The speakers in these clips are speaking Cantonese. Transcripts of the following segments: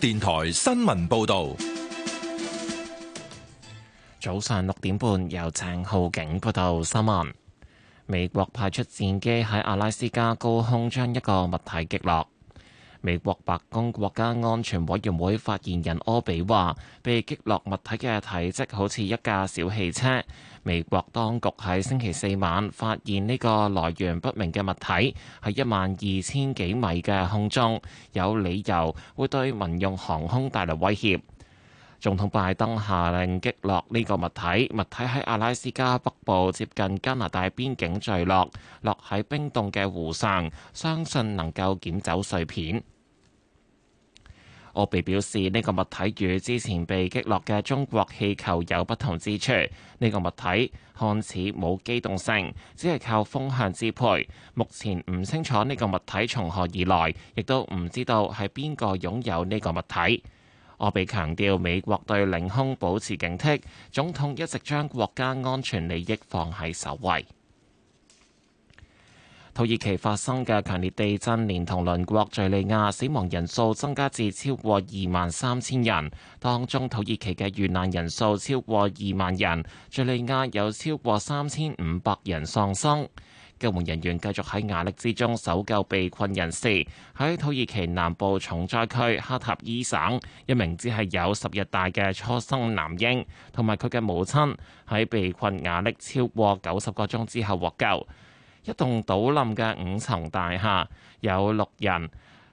電台新聞報道，早上六點半，由鄭浩景報道新聞。美國派出戰機喺阿拉斯加高空將一個物體擊落。美國白宮國家安全委員會發言人柯比話：被擊落物體嘅體積好似一架小汽車。美國當局喺星期四晚發現呢個來源不明嘅物體喺一萬二千幾米嘅空中，有理由會對民用航空帶來威脅。總統拜登下令擊落呢個物體，物體喺阿拉斯加北部接近加拿大邊境墜落，落喺冰凍嘅湖上，相信能夠撿走碎片。俄 被表示呢、這個物體與之前被擊落嘅中國氣球有不同之處，呢、這個物體看似冇機動性，只係靠風向支配。目前唔清楚呢個物體從何而來，亦都唔知道係邊個擁有呢個物體。我被強調，美國對領空保持警惕。總統一直將國家安全利益放喺首位。土耳其發生嘅強烈地震，連同鄰國敘利亞，死亡人數增加至超過二萬三千人。當中土耳其嘅遇難人數超過二萬人，敘利亞有超過三千五百人喪生。救援人員繼續喺瓦礫之中搜救被困人士。喺土耳其南部重災區哈塔伊省，一名只係有十日大嘅初生男嬰同埋佢嘅母親喺被困瓦礫超過九十個鐘之後獲救。一棟倒冧嘅五層大廈有六人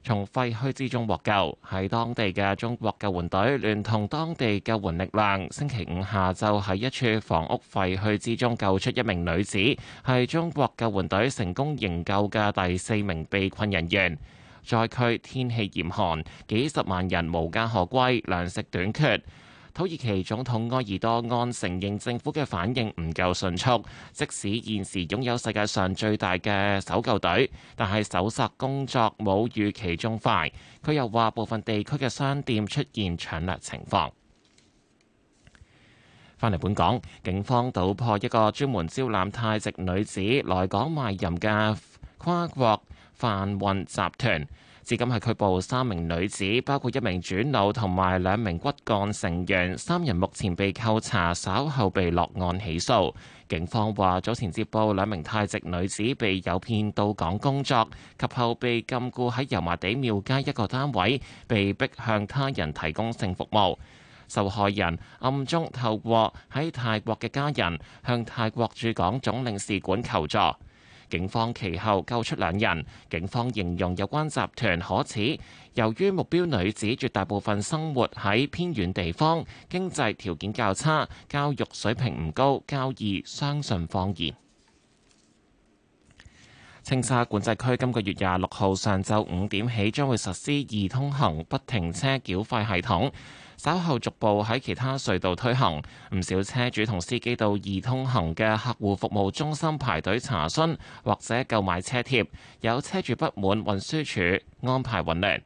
從廢墟之中獲救，喺當地嘅中國救援隊聯同當地救援力量，星期五下晝喺一處房屋廢墟之中救出一名女子，係中國救援隊成功營救嘅第四名被困人員。災區天氣嚴寒，幾十萬人無家可歸，糧食短缺。土耳其總統埃爾多安承認政府嘅反應唔夠迅速，即使現時擁有世界上最大嘅搜救隊，但係搜索工作冇預期中快。佢又話部分地區嘅商店出現搶掠情況。翻嚟本港，警方搗破一個專門招攬泰籍女子來港賣淫嘅跨國販運集團。至今係拘捕三名女子，包括一名主腦同埋兩名骨幹成員。三人目前被扣查，稍後被落案起訴。警方話，早前接報兩名泰籍女子被誘騙到港工作，及後被禁錮喺油麻地廟街一個單位，被逼向他人提供性服務。受害人暗中透過喺泰國嘅家人向泰國駐港總領事館求助。警方其後救出兩人。警方形容有關集團可恥，由於目標女子絕大部分生活喺偏遠地方，經濟條件較差，教育水平唔高，較易相信謊言。青沙管制區今個月廿六號上晝五點起將會實施易通行不停車繳費系統。稍後逐步喺其他隧道推行，唔少車主同司機到易通行嘅客戶服務中心排隊查詢或者購買車貼，有車主不滿運輸署安排混亂。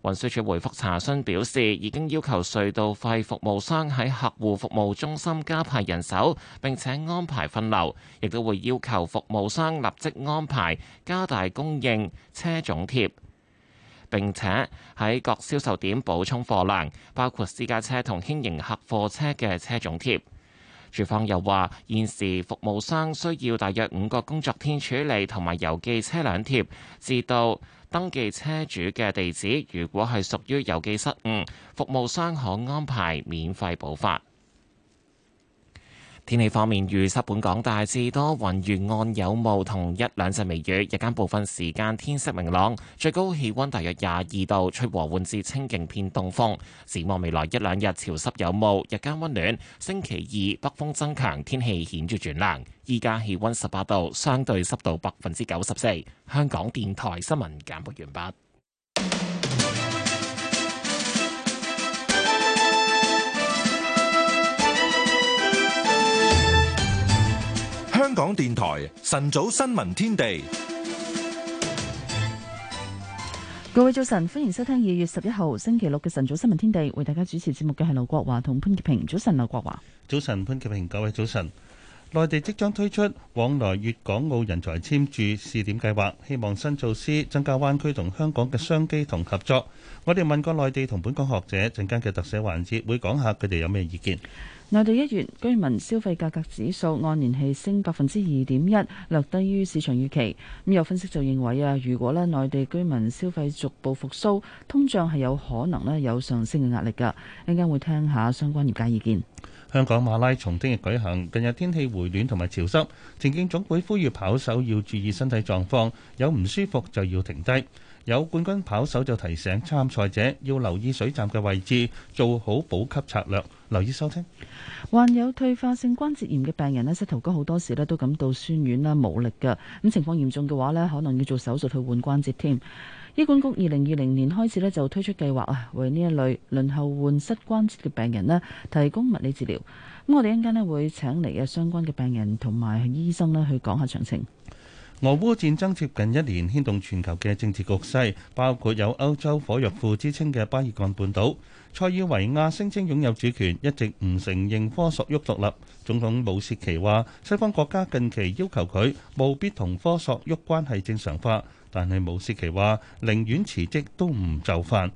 運輸署回覆查詢表示，已經要求隧道費服務商喺客戶服務中心加派人手，並且安排分流，亦都會要求服務商立即安排加大供應車種貼。並且喺各銷售點補充貨量，包括私家車同輕型客貨車嘅車種貼。署方又話，現時服務商需要大約五個工作天處理同埋郵寄車輛貼，至到登記車主嘅地址。如果係屬於郵寄失誤，服務商可安排免費補發。天氣方面，預測本港大致多雲，沿岸有霧，同一兩陣微雨。日間部分時間天色明朗，最高氣温大約廿二度，吹和緩至清勁偏東風。展望未來一兩日潮濕有霧，日間温暖。星期二北風增強，天氣顯著轉涼。依家氣温十八度，相對濕度百分之九十四。香港電台新聞簡報完畢。香港電台晨早新聞天地，各位早晨，歡迎收聽二月十一號星期六嘅晨早新聞天地，為大家主持節目嘅係劉國華同潘潔平。早晨，劉國華，早晨，潘潔平，各位早晨。內地即將推出往來粵港澳人才簽注試點計劃，希望新措施增加灣區同香港嘅商機同合作。我哋問過內地同本港學者，陣間嘅特寫環節會講下佢哋有咩意見。內地一月居民消費價格指數按年係升百分之二點一，略低於市場預期。咁有分析就認為啊，如果咧內地居民消費逐步復蘇，通脹係有可能咧有上升嘅壓力噶。一陣間會聽下相關業界意見。香港馬拉松聽日舉行，近日天氣回暖同埋潮濕，田徑總會呼籲跑手要注意身體狀況，有唔舒服就要停低。有冠軍跑手就提醒參賽者要留意水站嘅位置，做好補給策略。留意收聽。患有退化性關節炎嘅病人咧，膝頭哥好多時咧都感到酸軟啦、冇力噶。咁情況嚴重嘅話咧，可能要做手術去換關節添。醫管局二零二零年開始咧就推出計劃啊，為呢一類輪候換膝關節嘅病人咧提供物理治療。咁我哋一陣間咧會請嚟嘅相關嘅病人同埋醫生咧去講下詳情。俄烏戰爭接近一年，牽動全球嘅政治局勢，包括有歐洲火藥庫之稱嘅巴爾干半島，塞爾維亞聲稱擁有主權，一直唔承認科索沃獨立。總統武契奇話：西方國家近期要求佢務必同科索沃關係正常化。但係姆斯奇話寧願辭職都唔就範。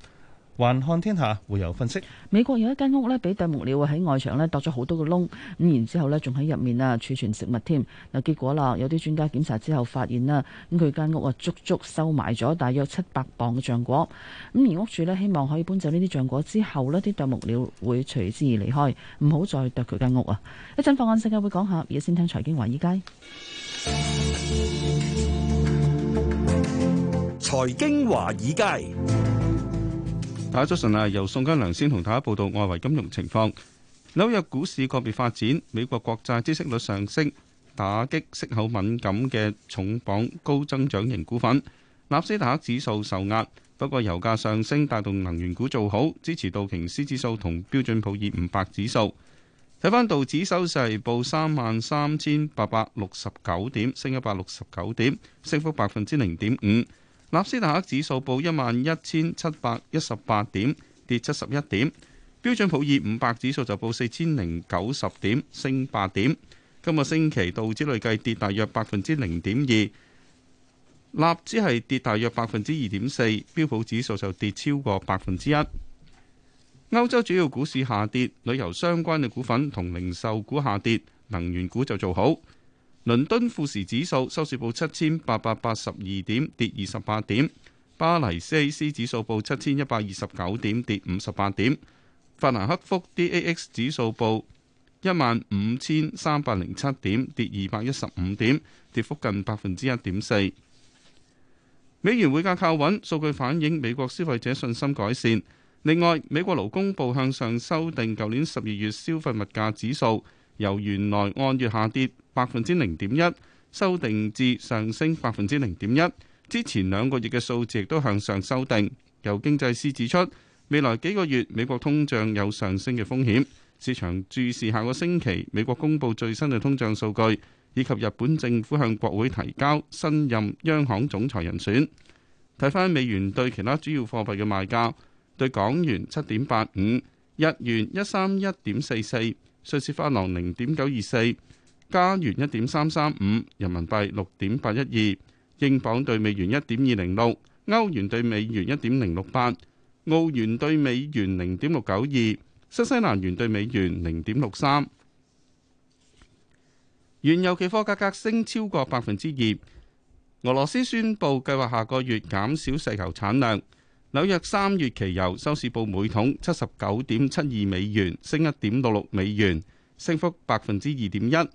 環看天下會有分析。美國有一間屋呢，俾啄木鳥喺外牆呢剁咗好多個窿，咁然之後呢，仲喺入面啊儲存食物添。嗱，結果啦，有啲專家檢查之後發現啦，咁佢間屋啊足足收埋咗大約七百磅嘅橡果。咁而屋主呢，希望可以搬走呢啲橡果之後呢啲啄木鳥會隨之而離開，唔好再啄佢間屋啊！一陣放眼世界會講下，而家先聽財經華爾街。財經華爾街，大家早晨啊！由宋家良先同大家報道外圍金融情況。紐約股市個別發展，美國國債孳息率上升，打擊息口敏感嘅重磅高增長型股份，納斯達克指數受壓。不過，油價上升帶動能源股做好，支持道瓊斯指數同標準普爾五百指數。睇翻道指收市報三萬三千八百六十九點，升一百六十九點，升幅百分之零點五。納斯達克指數報一萬一千七百一十八點，跌七十一點。標準普爾五百指數就報四千零九十點，升八點。今個星期道指累計跌大約百分之零點二，納指係跌大約百分之二點四，標普指數就跌超過百分之一。歐洲主要股市下跌，旅遊相關嘅股份同零售股下跌，能源股就做好。倫敦富時指數收市報七千八百八十二點，跌二十八點；巴黎 CAC 指數報七千一百二十九點，跌五十八點；法蘭克福 DAX 指數報一萬五千三百零七點，跌二百一十五點，跌幅近百分之一點四。美元匯價靠穩，數據反映美國消費者信心改善。另外，美國勞工部向上修訂舊年十二月消費物價指數。由原來按月下跌百分之零點一，修訂至上升百分之零點一。之前兩個月嘅數字亦都向上修訂。有經濟師指出，未來幾個月美國通脹有上升嘅風險。市場注視下個星期美國公佈最新嘅通脹數據，以及日本政府向國會提交新任央行總裁人選。睇返美元對其他主要貨幣嘅賣價，對港元七點八五，日元一三一點四四。瑞士法郎零點九二四，加元一點三三五，人民幣六點八一二，英鎊對美元一點二零六，歐元對美元一點零六八，澳元對美元零點六九二，新西蘭元對美元零點六三。原油期貨價格升超過百分之二。俄羅斯宣布計劃下個月減少石油產量。紐約三月期油收市報每桶七十九點七二美元，升一點六六美元，升幅百分之二點一。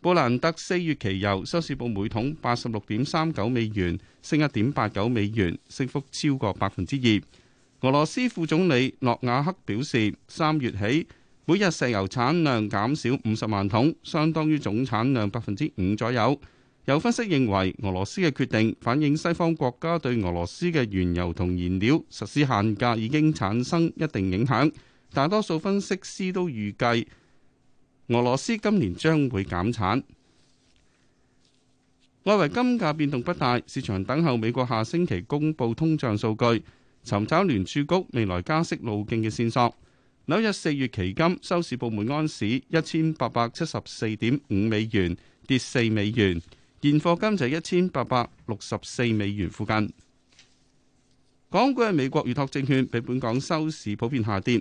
布蘭德四月期油收市報每桶八十六點三九美元，升一點八九美元，升幅超過百分之二。俄羅斯副總理諾瓦克表示，三月起每日石油產量減少五十萬桶，相當於總產量百分之五左右。有分析認為，俄羅斯嘅決定反映西方國家對俄羅斯嘅原油同燃料實施限價已經產生一定影響。大多數分析師都預計，俄羅斯今年將會減產。外圍 金價變動不大，市場等候美國下星期公布通脹數據，尋找聯儲局未來加息路徑嘅線索。紐約四月期金收市報每安士一千八百七十四點五美元，跌四美元。現貨金就一千八百六十四美元附近。港股嘅美國預託證券比本港收市普遍下跌。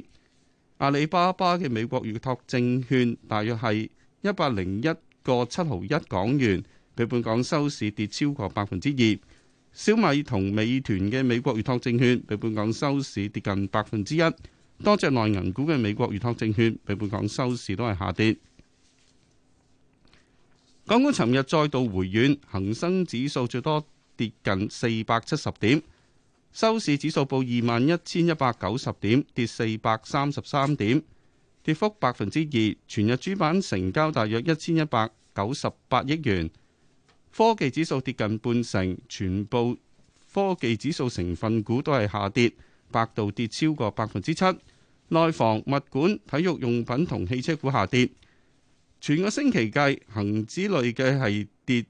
阿里巴巴嘅美國預託證券大約係一百零一個七毫一港元，比本港收市跌超過百分之二。小米同美團嘅美國預託證券比本港收市跌近百分之一。多隻內銀股嘅美國預託證券比本港收市都係下跌。港股尋日再度回軟，恆生指數最多跌近四百七十點，收市指數報二萬一千一百九十點，跌四百三十三點，跌幅百分之二。全日主板成交大約一千一百九十八億元。科技指數跌近半成，全部科技指數成分股都係下跌，百度跌超過百分之七，內房、物管、體育用品同汽車股下跌。全個星期計，恒指累嘅係跌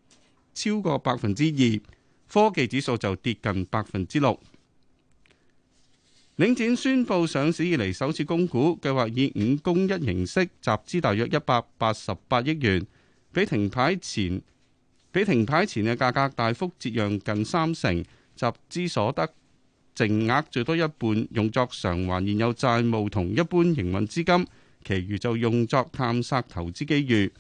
超過百分之二，科技指數就跌近百分之六。領展宣布上市以嚟首次供股，計劃以五供一形式集資大約一百八十八億元，比停牌前比停牌前嘅價格大幅折讓近三成，集資所得淨額最多一半用作償還現有債務同一般營運資金。其餘就用作探索投資機遇。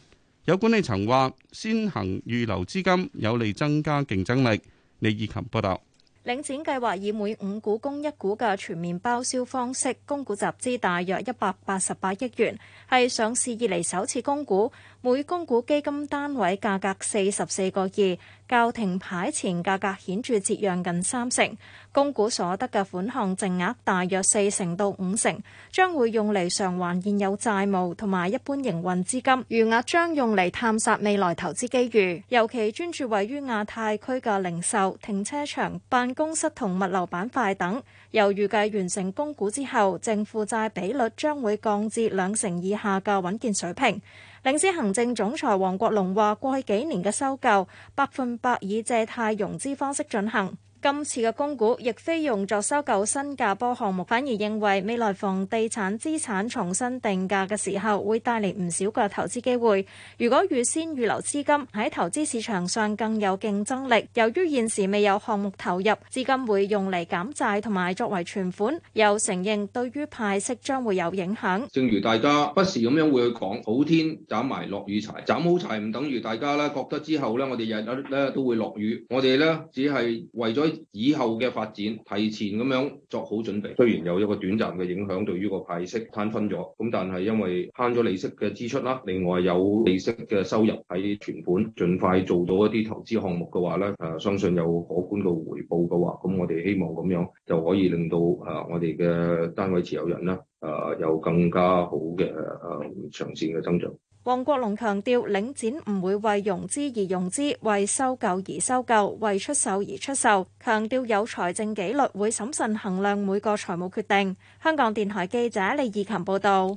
有管理層話，先行預留資金，有利增加競爭力。李以琴報道，領展計劃以每五股供一股嘅全面包銷方式供股集資，大約一百八十八億元，係上市以嚟首次供股。每供股基金單位價格四十四個二，較停牌前價格顯著折讓近三成。供股所得嘅款項淨額大約四成到五成，將會用嚟償還現有債務同埋一般營運資金，餘額將用嚟探索未來投資機遇，尤其專注位於亞太區嘅零售、停車場、辦公室同物流板塊等。由預計完成供股之後，淨負債比率將會降至兩成以下嘅穩健水平。領事行政總裁王國龍話：過去幾年嘅收購，百分百以借貸融資方式進行。今次嘅供股亦非用作收購新加坡項目，反而認為未來房地產資產重新定價嘅時候，會帶嚟唔少嘅投資機會。如果預先預留資金喺投資市場上更有競爭力。由於現時未有項目投入，資金會用嚟減債同埋作為存款。又承認對於派息將會有影響。正如大家不時咁樣會去講，好天斬埋落雨柴，斬好柴唔等於大家呢覺得之後呢，我哋日日呢都會落雨。我哋呢只係為咗。以後嘅發展，提前咁樣作好準備。雖然有一個短暫嘅影響，對於個派息攤分咗，咁但係因為慳咗利息嘅支出啦，另外有利息嘅收入喺存款，盡快做到一啲投資項目嘅話咧，誒、啊、相信有可觀嘅回報嘅話，咁我哋希望咁樣就可以令到誒、啊、我哋嘅單位持有人咧，誒、啊、有更加好嘅誒、啊、長線嘅增長。黃國龍強調，領展唔會為融資而融資，為收購而收購，為出售而出售。強調有財政紀律，會審慎衡量每個財務決定。香港電台記者李義琴報道。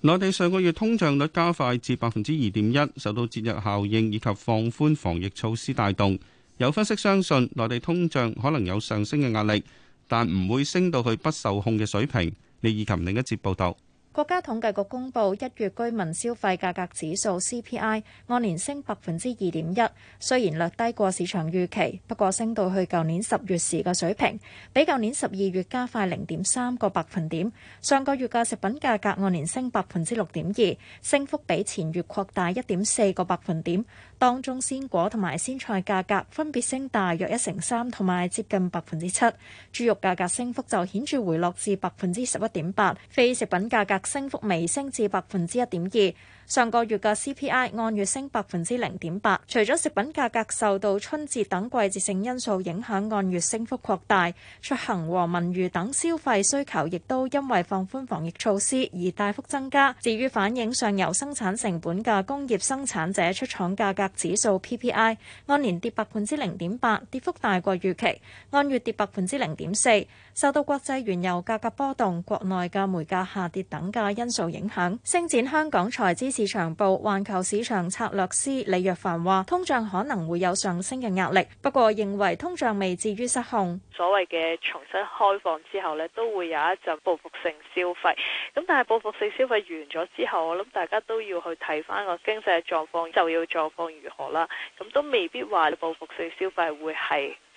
內地上個月通脹率加快至百分之二點一，受到節日效應以及放寬防疫措施帶動。有分析相信，內地通脹可能有上升嘅壓力，但唔會升到去不受控嘅水平。李義琴另一節報道。國家統計局公布一月居民消費價格指數 CPI 按年升百分之二點一，雖然略低過市場預期，不過升到去舊年十月時嘅水平，比舊年十二月加快零點三個百分點。上個月嘅食品價格按年升百分之六點二，升幅比前月擴大一點四個百分點。當中鮮果同埋鮮菜價格分別升大約一成三同埋接近百分之七，豬肉價格升幅就顯著回落至百分之十一點八，非食品價格。升幅微升至百分之一點二。上個月嘅 CPI 按月升百分之零點八，除咗食品價格受到春節等季節性因素影響，按月升幅擴大，出行和文娛等消費需求亦都因為放寬防疫措施而大幅增加。至於反映上游生產成本嘅工業生產者出廠價格指數 PPI 按年跌百分之零點八，跌幅大過預期，按月跌百分之零點四，受到國際原油價格波動、國內嘅煤價下跌等價因素影響，升展香港財資。市場部環球市場策略師李若凡話，通脹可能會有上升嘅壓力，不過認為通脹未至於失控。所謂嘅重新開放之後呢，都會有一陣報復性消費，咁但係報復性消費完咗之後，我諗大家都要去睇返個經濟嘅狀況，就要狀況如何啦，咁都未必話報復性消費會係。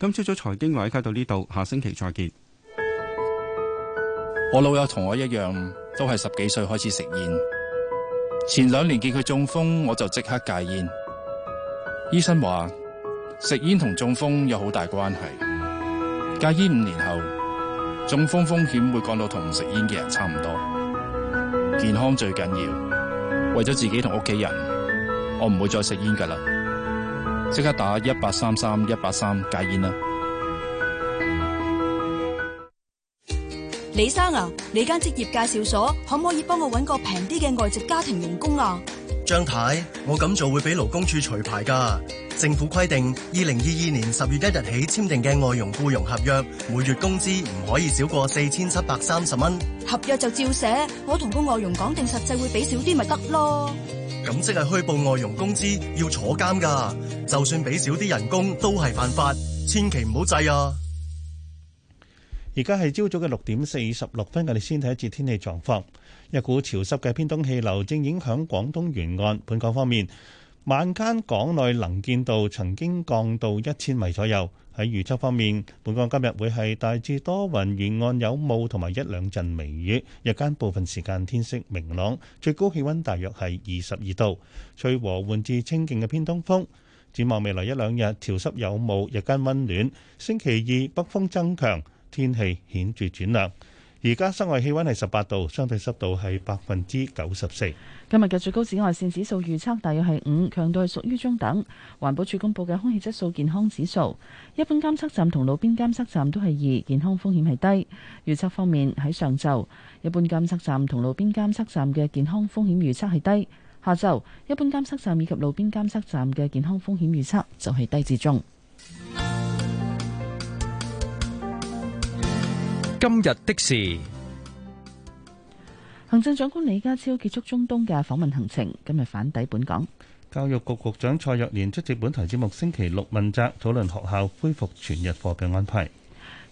今朝早財經話解到呢度，下星期再見。我老友同我一樣，都係十幾歲開始食煙。前兩年見佢中風，我就即刻戒煙。醫生話食煙同中風有好大關係。戒煙五年後，中風風險會降到同唔食煙嘅人差唔多。健康最緊要，為咗自己同屋企人，我唔會再食煙㗎喇。即刻打一八三三一八三戒煙啦！李生啊，你間職業介紹所可唔可以幫我揾個平啲嘅外籍家庭傭工啊？張太，我咁做會俾勞工處除牌噶。政府規定，二零二二年十月一日起簽訂嘅外傭僱傭合約，每月工資唔可以少過四千七百三十蚊。合約就照寫，我同個外傭講定實際會俾少啲咪得咯。咁即係虛報外傭工資要坐監噶就算俾少啲人工都係犯法，千祈唔好制啊！而家係朝早嘅六點四十六分，我哋先睇一節天氣狀況。一股潮濕嘅偏東氣流正影響廣東沿岸。本港方面，晚間港內能見度曾經降到一千米左右。喺預測方面，本港今日會係大致多雲，沿岸有霧同埋一兩陣微雨。日間部分時間天色明朗，最高氣温大約係二十二度，吹和緩至清勁嘅偏東風。展望未來一兩日潮濕有霧，日間温暖。星期二北風增強，天氣顯著轉涼。而家室外氣温係十八度，相對濕度係百分之九十四。今日嘅最高紫外綫指數預測大約係五，強度係屬於中等。環保署公布嘅空氣質素健康指數，一般監測站同路邊監測站都係二，健康風險係低。預測方面，喺上晝，一般監測站同路邊監測站嘅健康風險預測係低；下晝，一般監測站以及路邊監測站嘅健康風險預測就係低至中。今日的事，行政長官李家超結束中東嘅訪問行程，今日返抵本港。教育局局長蔡若蓮出席本台節目，星期六問責討論學校恢復全日課嘅安排。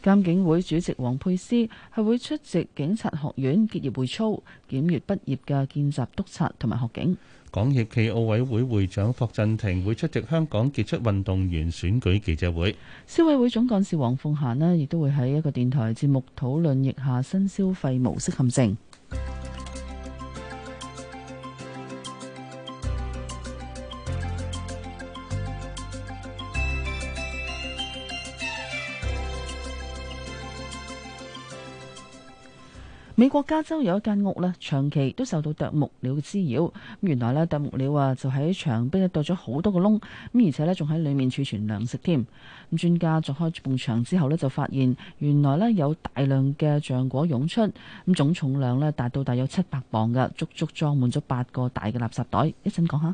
監警會主席王沛詩係會出席警察學院結業會操，檢閱畢業嘅見習督察同埋學警。港協暨奧委會會會長霍振霆會出席香港傑出運動員選舉記者會，消委會總幹事黃鳳嫻呢亦都會喺一個電台節目討論腋下新消費模式陷阱。美國加州有一間屋咧，長期都受到啄木鳥嘅滋擾。原來呢，啄木鳥啊，就喺牆壁啄咗好多個窿，咁而且咧仲喺裏面儲存糧食添。咁專家鑿開埲牆之後呢，就發現原來呢，有大量嘅橡果湧出，咁總重量呢，大到大約七百磅嘅，足足裝滿咗八個大嘅垃圾袋。一陣講下。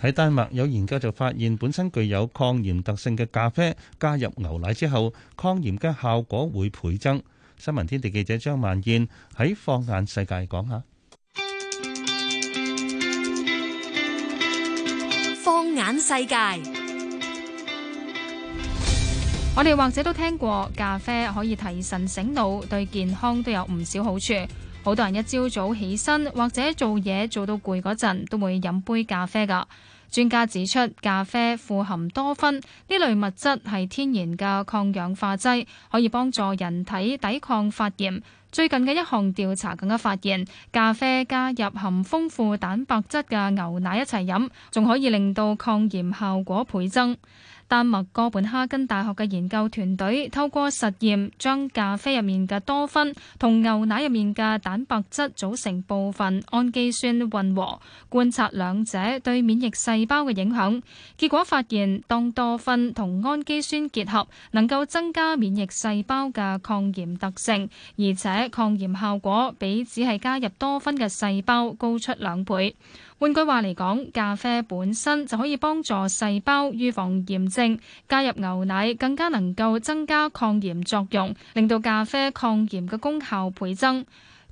喺丹麥有研究就發現，本身具有抗炎特性嘅咖啡加入牛奶之後，抗炎嘅效果會倍增。新聞天地記者張萬燕喺放眼世界講下。放眼世界，我哋或者都聽過咖啡可以提神醒腦，對健康都有唔少好處。好多人一朝早起身或者做嘢做到攰嗰陣，都會飲杯咖啡噶。專家指出，咖啡富含多酚，呢類物質係天然嘅抗氧化劑，可以幫助人體抵抗發炎。最近嘅一項調查更加發現，咖啡加入含豐富蛋白質嘅牛奶一齊飲，仲可以令到抗炎效果倍增。丹麥哥本哈根大學嘅研究團隊透過實驗，將咖啡入面嘅多酚同牛奶入面嘅蛋白質組成部分氨基酸混和，觀察兩者對免疫細胞嘅影響。結果發現，當多酚同氨基酸結合，能夠增加免疫細胞嘅抗炎特性，而且抗炎效果比只係加入多酚嘅細胞高出兩倍。換句話嚟講，咖啡本身就可以幫助細胞預防炎症，加入牛奶更加能夠增加抗炎作用，令到咖啡抗炎嘅功效倍增。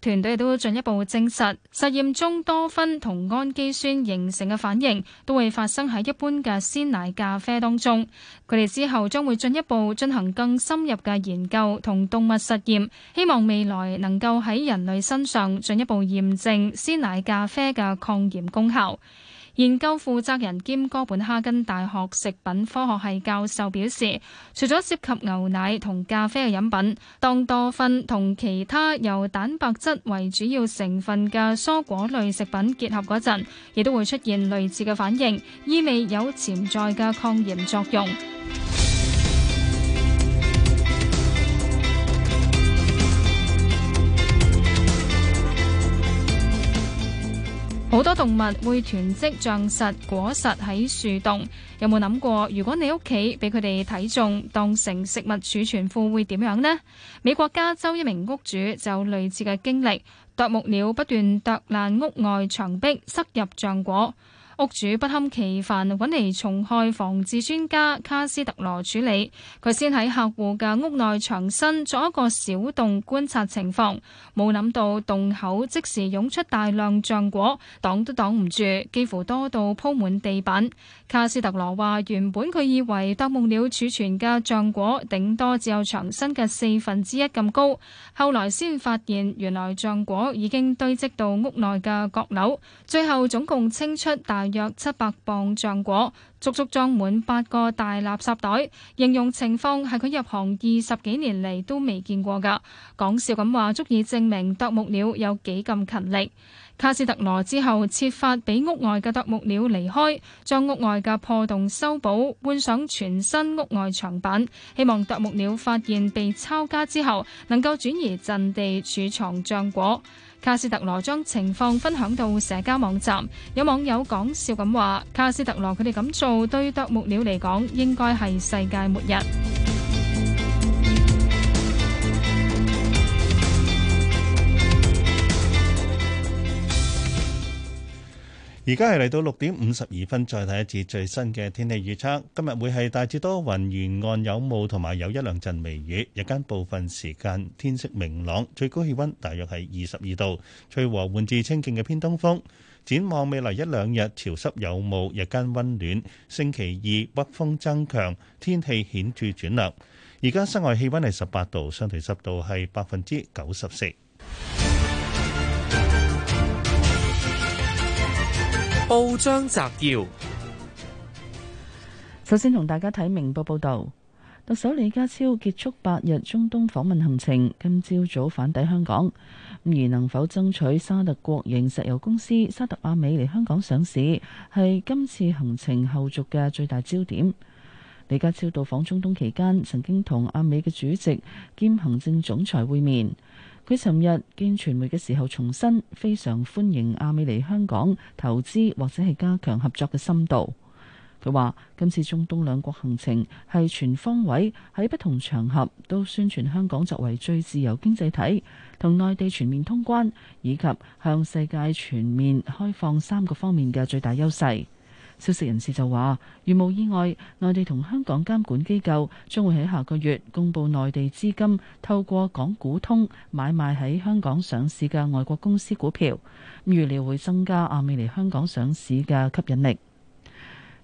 團隊亦都進一步證實，實驗中多酚同氨基酸形成嘅反應都會發生喺一般嘅鮮奶咖啡當中。佢哋之後將會進一步進行更深入嘅研究同動物實驗，希望未來能夠喺人類身上進一步驗證鮮奶咖啡嘅抗炎功效。研究負責人兼哥本哈根大學食品科學系教授表示，除咗涉及牛奶同咖啡嘅飲品，當多酚同其他由蛋白質為主要成分嘅蔬果類食品結合嗰陣,亦都會出現類似嘅反應,意味有潛在嘅抗炎作用。好多動物會囤積橡實果實喺樹洞，有冇諗過如果你屋企俾佢哋睇中，當成食物儲存庫會點樣呢？美國加州一名屋主就有類似嘅經歷，啄木鳥不斷啄爛屋外牆壁，塞入橡果。屋主不堪其煩，揾嚟蟲害防治專家卡斯特羅處理。佢先喺客戶嘅屋內牆身，做一個小洞觀察情況。冇諗到洞口即時湧出大量橡果，擋都擋唔住，幾乎多到鋪滿地板。卡斯特羅話：原本佢以為啄木鳥儲存嘅橡果頂多只有牆身嘅四分之一咁高，後來先發現原來橡果已經堆積到屋內嘅閣樓。最後總共清出大約七百磅橡果，足足裝滿八個大垃圾袋。形容情況係佢入行二十幾年嚟都未見過噶講笑咁話足以證明啄木鳥有幾咁勤力。卡斯特羅之後設法俾屋外嘅啄木鳥離開，將屋外嘅破洞修補，換上全新屋外牆板，希望啄木鳥發現被抄家之後，能夠轉移陣地儲藏橡果。卡斯特羅將情況分享到社交網站，有網友講笑咁話：卡斯特羅佢哋咁做對啄木鳥嚟講，應該係世界末日。而家係嚟到六點五十二分，再睇一次最新嘅天氣預測。今日會係大致多雲，沿岸有霧同埋有一兩陣微雨。日間部分時間天色明朗，最高氣溫大約係二十二度，吹和緩至清勁嘅偏東風。展望未來一兩日，潮濕有霧，日間溫暖。星期二北風增強，天氣顯著轉涼。而家室外氣溫係十八度，相對濕度係百分之九十四。報章摘要：首先同大家睇明報報道，特首李家超結束八日中東訪問行程，今朝早早返抵香港。而能否爭取沙特國營石油公司沙特阿美嚟香港上市，係今次行程後續嘅最大焦點。李家超到訪中東期間，曾經同阿美嘅主席兼行政總裁會面。喺尋日見傳媒嘅時候重申，非常歡迎阿美嚟香港投資或者係加強合作嘅深度。佢話：今次中東兩國行程係全方位，喺不同場合都宣傳香港作為最自由經濟體、同內地全面通關以及向世界全面開放三個方面嘅最大優勢。消息人士就話，如無意外，內地同香港監管機構將會喺下個月公布內地資金透過港股通買賣喺香港上市嘅外國公司股票，預料會增加亞美尼香港上市嘅吸引力。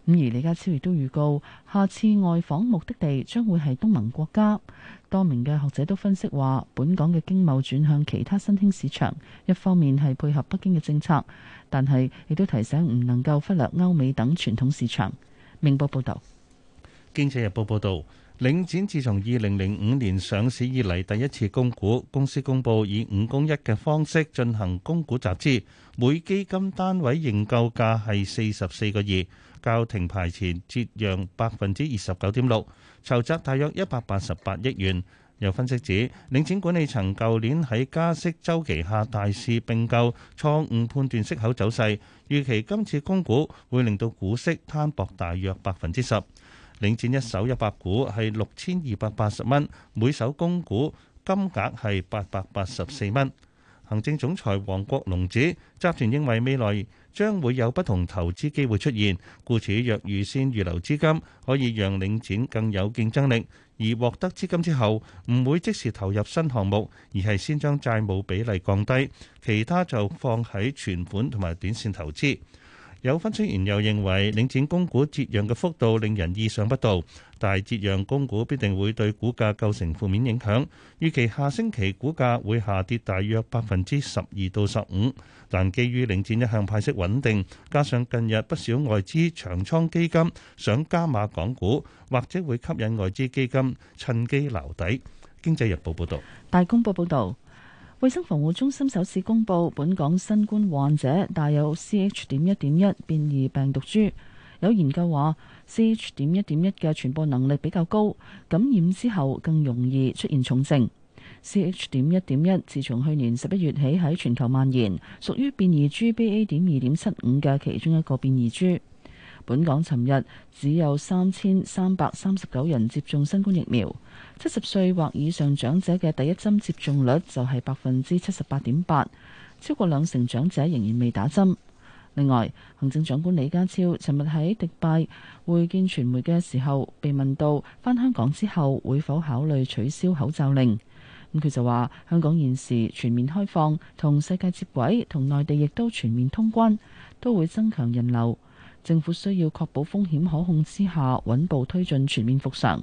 咁而李家超亦都預告，下次外訪目的地將會係東盟國家。多名嘅學者都分析話，本港嘅經貿轉向其他新興市場，一方面係配合北京嘅政策，但係亦都提醒唔能夠忽略歐美等傳統市場。明報報道，經濟日報報道，領展自從二零零五年上市以嚟，第一次供股，公司公布以五供一嘅方式進行供股集資，每基金單位認購價係四十四個二，較停牌前折讓百分之二十九點六。籌集大約一百八十八億元。有分析指，領展管理層舊年喺加息周期下大肆並購，錯誤判斷息口走勢，預期今次供股會令到股息攤薄大約百分之十。領展一手一百股係六千二百八十蚊，每手供股金額係八百八十四蚊。行政總裁王國龍指集團認為未來將會有不同投資機會出現，故此若預先預留資金，可以讓領展更有競爭力。而獲得資金之後，唔會即時投入新項目，而係先將債務比例降低，其他就放喺存款同埋短線投資。有分析員又認為，領展供股折讓嘅幅度令人意想不到。大折讓供股必定會對股價構成負面影響，預期下星期股價會下跌大約百分之十二到十五。但基於領展一向派息穩定，加上近日不少外資長倉基金想加碼港股，或者會吸引外資基金趁機撈底。經濟日報報道：「大公報報道，衞生防護中心首次公佈本港新冠患者帶有 CH. 點一點一變異病毒株。有研究話，CH. 點一點一嘅傳播能力比較高，感染之後更容易出現重症。CH. 點一點一自從去年十一月起喺全球蔓延，屬於變異株 BA. 點二點七五嘅其中一個變異株。本港尋日只有三千三百三十九人接種新冠疫苗，七十歲或以上長者嘅第一針接種率就係百分之七十八點八，超過兩成長者仍然未打針。另外，行政長官李家超尋日喺迪拜會見傳媒嘅時候，被問到返香港之後會否考慮取消口罩令，咁佢就話：香港現時全面開放，同世界接軌，同內地亦都全面通關，都會增強人流。政府需要確保風險可控之下，穩步推進全面復常。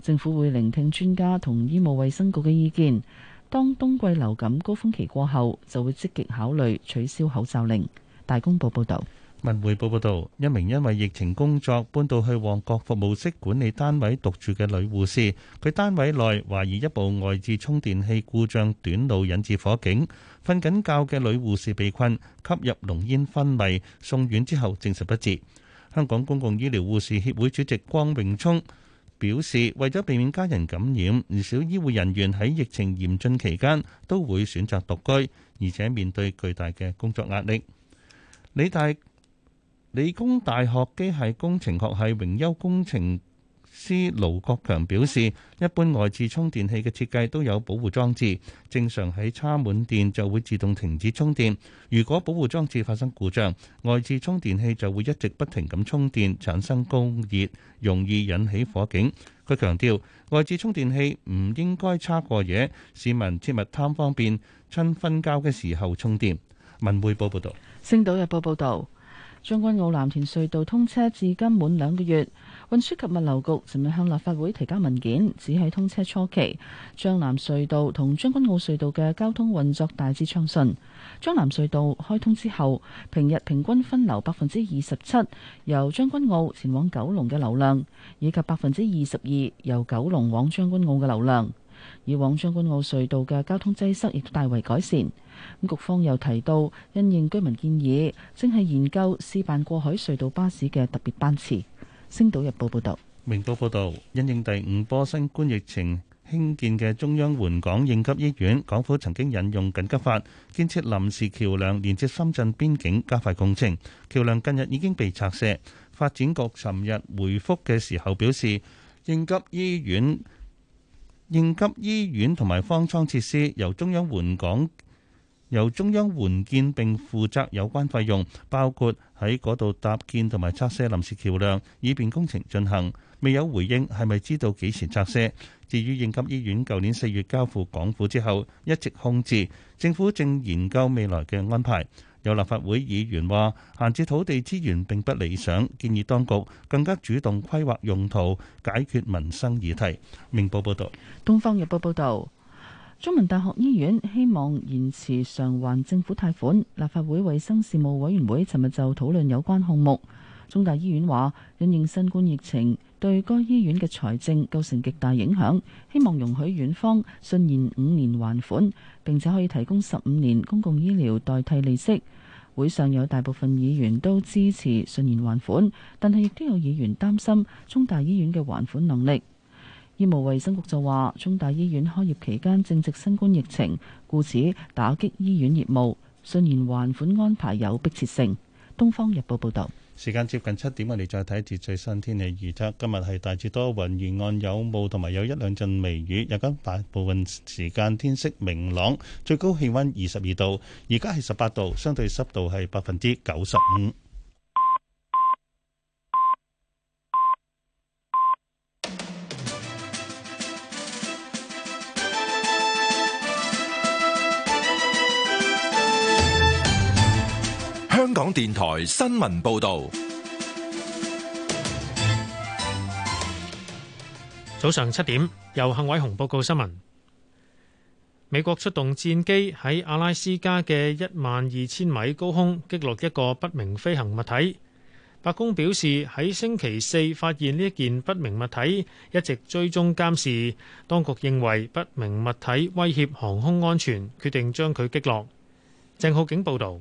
政府會聆聽專家同醫務衛生局嘅意見，當冬季流感高峰期過後，就會積極考慮取消口罩令。大公報報道，文匯報報道，一名因為疫情工作搬到去旺角服務式管理單位獨住嘅女護士，佢單位內懷疑一部外置充電器故障短路引致火警，瞓緊覺嘅女護士被困吸入濃煙昏迷，送院之後證實不治。香港公共醫療護士協會主席光永聰表示，為咗避免家人感染，唔少醫護人員喺疫情嚴峻期間都會選擇獨居，而且面對巨大嘅工作壓力。理大理工大學機械工程學系榮休工程師盧國強表示，一般外置充電器嘅設計都有保護裝置，正常喺插滿電就會自動停止充電，如果保護裝置發生故障，外置充電器就會一直不停咁充電，產生高熱，容易引起火警。佢強調，外置充電器唔應該插過夜。市民切勿貪方便，趁瞓覺嘅時候充電。文匯報報道。星島日報報道，將軍澳藍田隧道通車至今滿兩個月，運輸及物流局昨日向立法會提交文件，指喺通車初期，將南隧道同將軍澳隧道嘅交通運作大致暢順。將南隧道開通之後，平日平均分流百分之二十七由將軍澳前往九龍嘅流量，以及百分之二十二由九龍往將軍澳嘅流量。以往將軍澳隧道嘅交通擠塞亦都大為改善。咁局方又提到，因應居民建議，正係研究試辦過海隧道巴士嘅特別班次。星島日報報道，明報報道，因應第五波新冠疫情，興建嘅中央援港應急醫院，港府曾經引用緊急法建設臨時橋梁連接深圳邊境，加快工程。橋梁近日已經被拆卸。發展局尋日回覆嘅時候表示，應急醫院。應急醫院同埋方艙設施由中央援港，由中央援建並負責有關費用，包括喺嗰度搭建同埋拆卸臨時橋梁，以便工程進行。未有回應係咪知道幾時拆卸。至於應急醫院，舊年四月交付港府之後一直空置，政府正研究未來嘅安排。有立法會議員話，閒置土地資源並不理想，建議當局更加主動規劃用途，解決民生議題。明報報道：《東方日報》報道，中文大學醫院希望延遲償還政府貸款。立法會衞生事務委員會尋日就討論有關項目。中大醫院話：因應新冠疫情對該醫院嘅財政構成極大影響，希望容許院方順延五年還款，並且可以提供十五年公共醫療代替利息。會上有大部分議員都支持順延還款，但係亦都有議員擔心中大醫院嘅還款能力。醫務衛生局就話：中大醫院開業期間正值新冠疫情，故此打擊醫院業務，順延還款安排有迫切性。《東方日報》報導。時間接近七點，我哋再睇住最新天氣預測。今日係大致多雲，沿岸有霧，同埋有一兩陣微雨。日間大部分時間天色明朗，最高氣溫二十二度，而家係十八度，相對濕度係百分之九十五。香港電台新聞報道，早上七點，由幸偉雄報告新聞。美國出動戰機喺阿拉斯加嘅一萬二千米高空擊落一個不明飛行物體。白宮表示喺星期四發現呢一件不明物體，一直追蹤監視。當局認為不明物體威脅航空安全，決定將佢擊落。鄭浩景報道。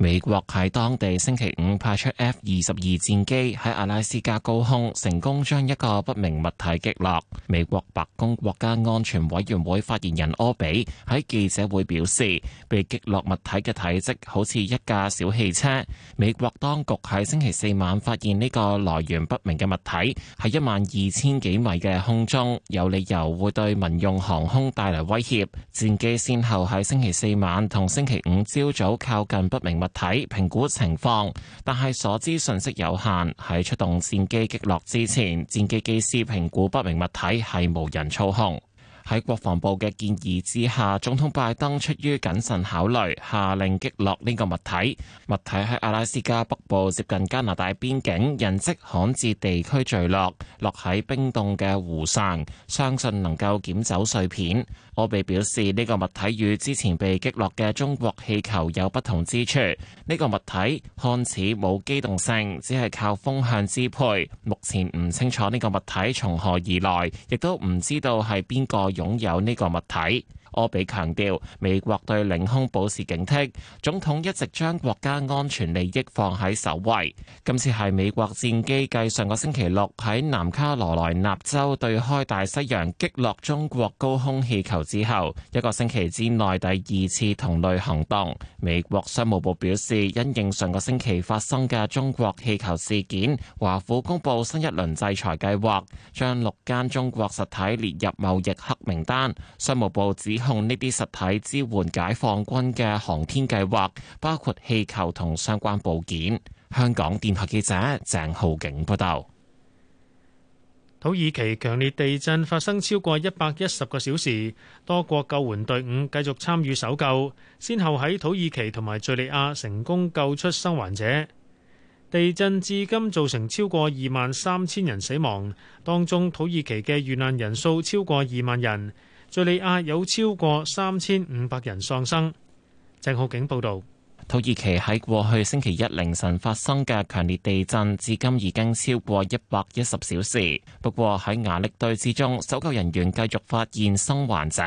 美國喺當地星期五派出 F 二十二戰機喺阿拉斯加高空成功將一個不明物體擊落。美國白宮國家安全委員會發言人柯比喺記者會表示，被擊落物體嘅體積好似一架小汽車。美國當局喺星期四晚發現呢個來源不明嘅物體喺一萬二千幾米嘅空中，有理由會對民用航空帶來威脅。戰機先後喺星期四晚同星期五朝早靠近不明物體評估情況，但係所知信息有限。喺出動戰機擊落之前，戰機機師評估不明物體係無人操控。喺國防部嘅建議之下，總統拜登出於謹慎考慮，下令擊落呢個物體。物體喺阿拉斯加北部接近加拿大邊境，人跡罕至地區墜落，落喺冰凍嘅湖上，相信能夠撿走碎片。科比表示呢個物體與之前被擊落嘅中國氣球有不同之處。呢個物體看似冇機動性，只係靠風向支配。目前唔清楚呢個物體從何而來，亦都唔知道係邊個擁有呢個物體。柯比強調，美國對領空保持警惕，總統一直將國家安全利益放喺首位。今次係美國戰機繼上個星期六喺南卡羅來納州對開大西洋擊落中國高空氣球之後，一個星期之內第二次同類行動。美國商務部表示，因應上個星期發生嘅中國氣球事件，華府公布新一輪制裁計劃，將六間中國實體列入貿易黑名單。商務部指控呢啲實體支援解放軍嘅航天計劃，包括氣球同相關部件。香港電台記者鄭浩景報道：土耳其強烈地震發生超過一百一十個小時，多國救援隊伍繼續參與搜救，先後喺土耳其同埋敘利亞成功救出生還者。地震至今造成超過二萬三千人死亡，當中土耳其嘅遇難人數超過二萬人。敘利亞有超過三千五百人喪生。鄭浩景報導。土耳其喺過去星期一凌晨發生嘅強烈地震，至今已經超過一百一十小時。不過喺瓦礫堆之中，搜救人員繼續發現生還者。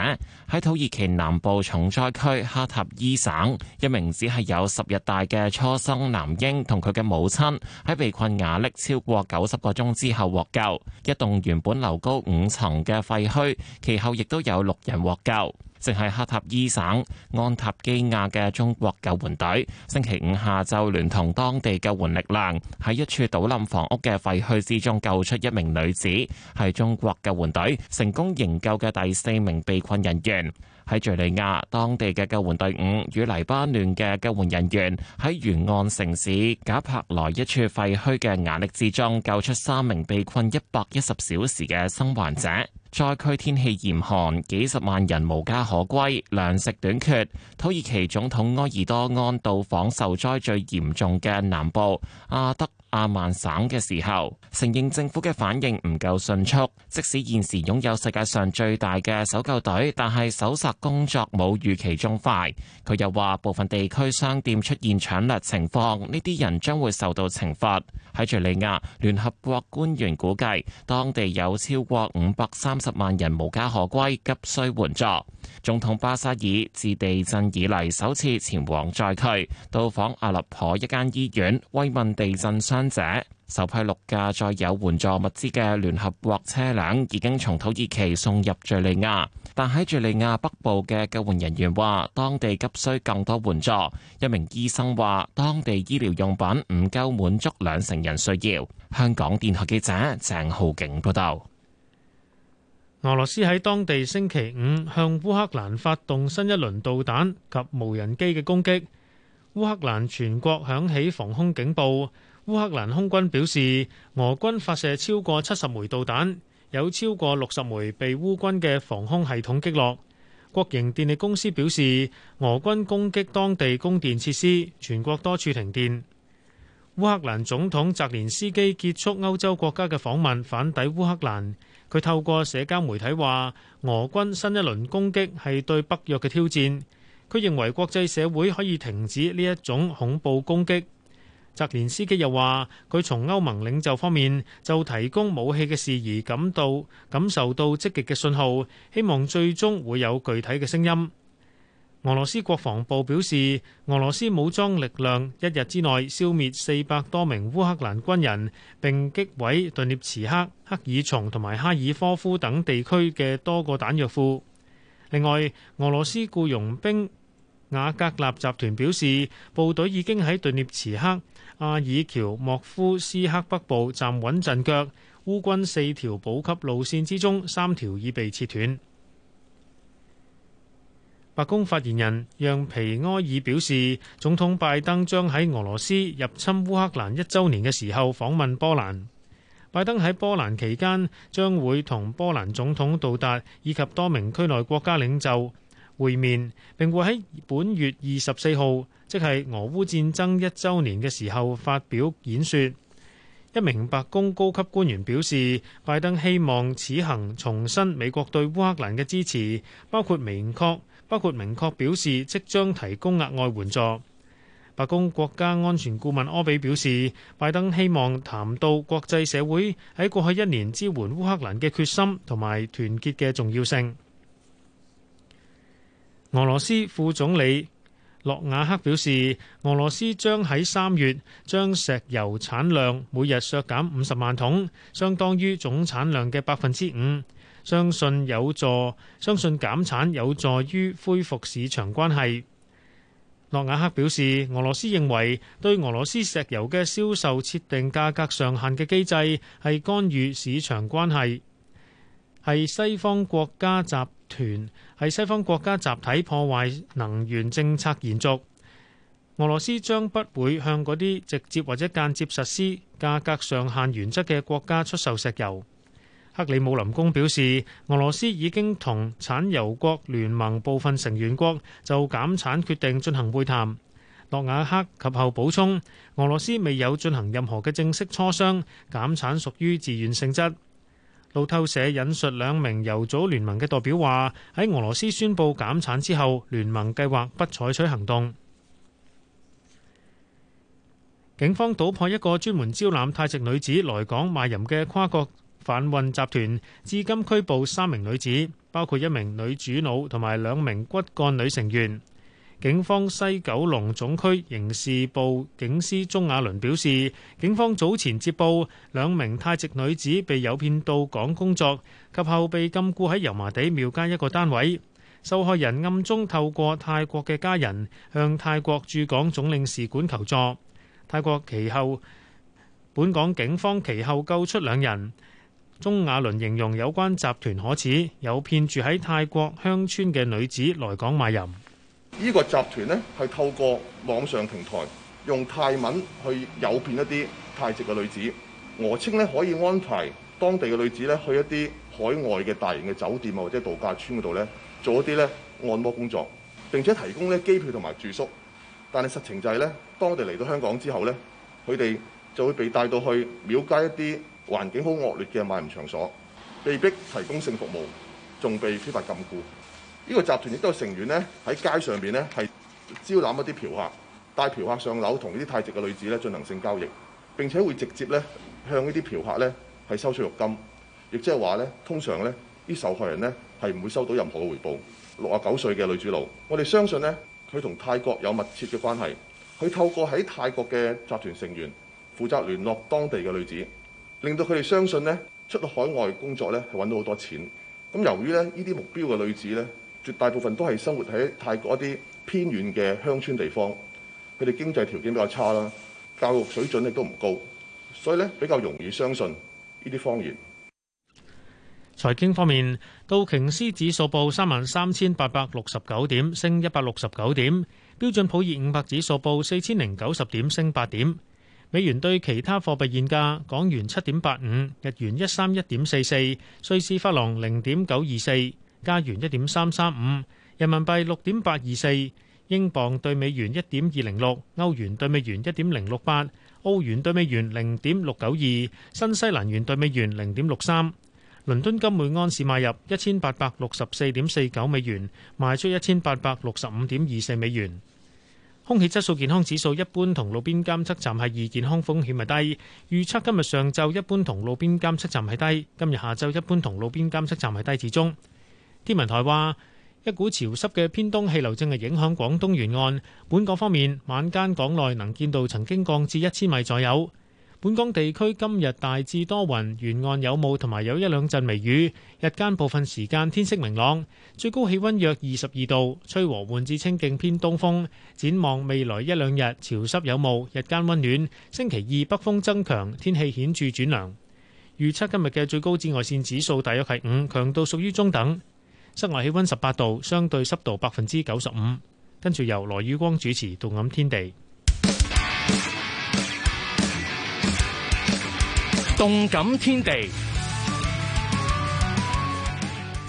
喺土耳其南部重災區哈塔伊省，一名只係有十日大嘅初生男嬰同佢嘅母親喺被困瓦礫超過九十個鐘之後獲救。一棟原本樓高五層嘅廢墟，其後亦都有六人獲救。正係哈塔伊省安塔基亞嘅中國救援隊，星期五下晝聯同當地救援力量，喺一處倒冧房屋嘅廢墟之中救出一名女子,係中國救援隊成功營救嘅第四名被困人員。喺敘利亞，當地嘅救援隊伍與黎巴嫩嘅救援人員喺沿岸城市賈柏萊一處廢墟嘅瓦礫之中救出三名被困一百一十小時嘅生還者。災區天氣嚴寒，幾十萬人無家可歸，糧食短缺。土耳其總統埃爾多安到訪受災最嚴重嘅南部阿德亞曼省嘅時候，承認政府嘅反應唔夠迅速，即使現時擁有世界上最大嘅搜救隊，但係搜索工作冇預期中快。佢又話部分地區商店出現搶掠情況，呢啲人將會受到懲罰。喺敘利亞，聯合國官員估計當地有超過五百三十萬人無家可歸，急需援助。總統巴沙爾自地震以嚟首次前往災區，到訪阿勒頗一間醫院慰問地震傷者。首批六架載有援助物資嘅聯合國車輛已經從土耳其送入敘利亞，但喺敘利亞北部嘅救援人員話，當地急需更多援助。一名醫生話，當地醫療用品唔夠滿足兩成人需要。香港電台記者鄭浩景報道。俄羅斯喺當地星期五向烏克蘭發動新一輪導彈及無人機嘅攻擊，烏克蘭全國響起防空警報。烏克蘭空軍表示，俄軍發射超過七十枚導彈，有超過六十枚被烏軍嘅防空系統擊落。國營電力公司表示，俄軍攻擊當地供電設施，全國多處停電。烏克蘭總統澤連斯基結束歐洲國家嘅訪問，返抵烏克蘭。佢透過社交媒體話，俄軍新一輪攻擊係對北約嘅挑戰。佢認為國際社會可以停止呢一種恐怖攻擊。澤連斯基又話，佢從歐盟領袖方面就提供武器嘅事宜感到，感受到積極嘅信號，希望最終會有具體嘅聲音。俄羅斯國防部表示，俄羅斯武裝力量一日之內消滅四百多名烏克蘭軍人，並擊毀頓涅茨克、克爾松同埋哈爾科夫等地區嘅多個彈藥庫。另外，俄羅斯僱傭兵瓦格納集團表示，部隊已經喺頓涅茨克、阿爾喬莫夫斯克北部站穩陣腳，烏軍四條補給路線之中，三條已被切斷。白宮發言人讓皮埃爾表示，總統拜登將喺俄羅斯入侵烏克蘭一周年嘅時候訪問波蘭。拜登喺波蘭期間將會同波蘭總統杜達以及多名區內國家領袖會面，並會喺本月二十四號，即係俄烏戰爭一周年嘅時候發表演說。一名白宮高級官員表示，拜登希望此行重申美國對烏克蘭嘅支持，包括明確包括明確表示即將提供額外援助。白宮國家安全顧問柯比表示，拜登希望談到國際社會喺過去一年支援烏克蘭嘅決心同埋團結嘅重要性。俄羅斯副總理諾瓦克表示，俄羅斯將喺三月將石油產量每日削減五十萬桶，相當於總產量嘅百分之五。相信有助，相信減產有助於恢復市場關係。諾瓦克表示，俄羅斯認為對俄羅斯石油嘅銷售設定價格上限嘅機制係干預市場關係，係西方國家集。團係西方國家集體破壞能源政策延續，俄羅斯將不會向嗰啲直接或者間接實施價格上限原則嘅國家出售石油。克里姆林宮表示，俄羅斯已經同產油國聯盟部分成員國就減產決定進行會談。諾瓦克及後補充，俄羅斯未有進行任何嘅正式磋商，減產屬於自願性質。路透社引述兩名油組聯盟嘅代表話：喺俄羅斯宣布減產之後，聯盟計劃不採取行動。警方搗破一個專門招攬泰籍女子來港賣淫嘅跨國販運集團，至今拘捕三名女子，包括一名女主腦同埋兩名骨幹女成員。警方西九龍總區刑事部警司鐘亞倫表示，警方早前接報兩名泰籍女子被誘騙到港工作，及後被禁錮喺油麻地廟街一個單位。受害人暗中透過泰國嘅家人向泰國駐港總領事館求助，泰國其後本港警方其後救出兩人。鐘亞倫形容有關集團可恥，誘騙住喺泰國鄉村嘅女子來港賣淫。呢個集團咧係透過網上平台，用泰文去誘騙一啲泰籍嘅女子。訛稱咧可以安排當地嘅女子咧去一啲海外嘅大型嘅酒店啊，或者度假村嗰度呢做一啲呢按摩工作，並且提供呢機票同埋住宿。但係實情就係咧，當我哋嚟到香港之後呢，佢哋就會被帶到去廟街一啲環境好惡劣嘅賣淫場所，被逼提供性服務，仲被非法禁錮。呢個集團亦都有成員咧喺街上邊咧係招攬一啲嫖客，帶嫖客上樓同呢啲泰籍嘅女子咧進行性交易，並且會直接咧向呢啲嫖客咧係收取佣金，亦即係話咧通常咧啲受害人咧係唔會收到任何嘅回報。六十九歲嘅女主腦，我哋相信咧佢同泰國有密切嘅關係，佢透過喺泰國嘅集團成員負責聯絡當地嘅女子，令到佢哋相信咧出到海外工作咧係揾到好多錢。咁由於咧呢啲目標嘅女子咧，絕大部分都係生活喺泰國一啲偏遠嘅鄉村地方，佢哋經濟條件比較差啦，教育水準亦都唔高，所以咧比較容易相信呢啲謊言。財經方面，道瓊斯指數報三萬三千八百六十九點，升一百六十九點；標準普爾五百指數報四千零九十點，升八點。美元對其他貨幣現價：港元七點八五，日元一三一點四四，瑞士法郎零點九二四。加元一點三三五，35, 人民幣六點八二四，英鎊對美元一點二零六，歐元對美元一點零六八，澳元對美元零點六九二，新西蘭元對美元零點六三。倫敦金每安士買入一千八百六十四點四九美元，賣出一千八百六十五點二四美元。空氣質素健康指數一般，同路邊監測站係二，健康風險係低。預測今日上晝一般同路邊監測站係低，低，今日下晝一般同路邊監測站係低至中。天文台話，一股潮濕嘅偏東氣流正係影響廣東沿岸。本港方面，晚間港內能見度曾經降至一千米左右。本港地區今日大致多雲，沿岸有霧，同埋有一兩陣微雨。日間部分時間天色明朗，最高氣温約二十二度，吹和緩至清勁偏東風。展望未來一兩日，潮濕有霧，日間温暖。星期二北風增強，天氣顯著轉涼。預測今日嘅最高紫外線指數大約係五，強度屬於中等。室外氣溫十八度，相對濕度百分之九十五。嗯，跟住由羅宇光主持《動感天地》。《動感天地》。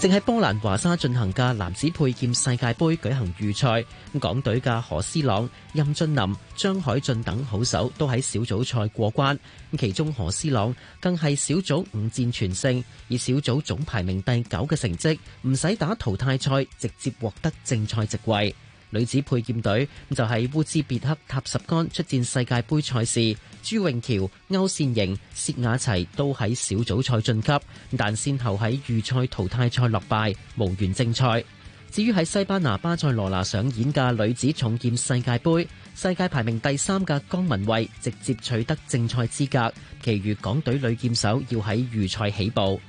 正喺波蘭華沙進行嘅男子配劍世界杯舉行預賽，港隊嘅何思朗、任俊林、張海俊等好手都喺小組賽過關。其中何思朗更係小組五戰全勝，以小組總排名第九嘅成績唔使打淘汰賽，直接獲得正賽席位。女子配劍隊就喺烏茲別克塔什干出戰世界杯賽事。朱永喬、歐善瑩、薛亞齊都喺小組賽晉級，但先後喺預賽淘汰賽落敗，無緣正賽。至於喺西班牙巴塞羅那上演嘅女子重劍世界杯，世界排名第三嘅江文蔚直接取得正賽資格，其餘港隊女劍手要喺預賽起步。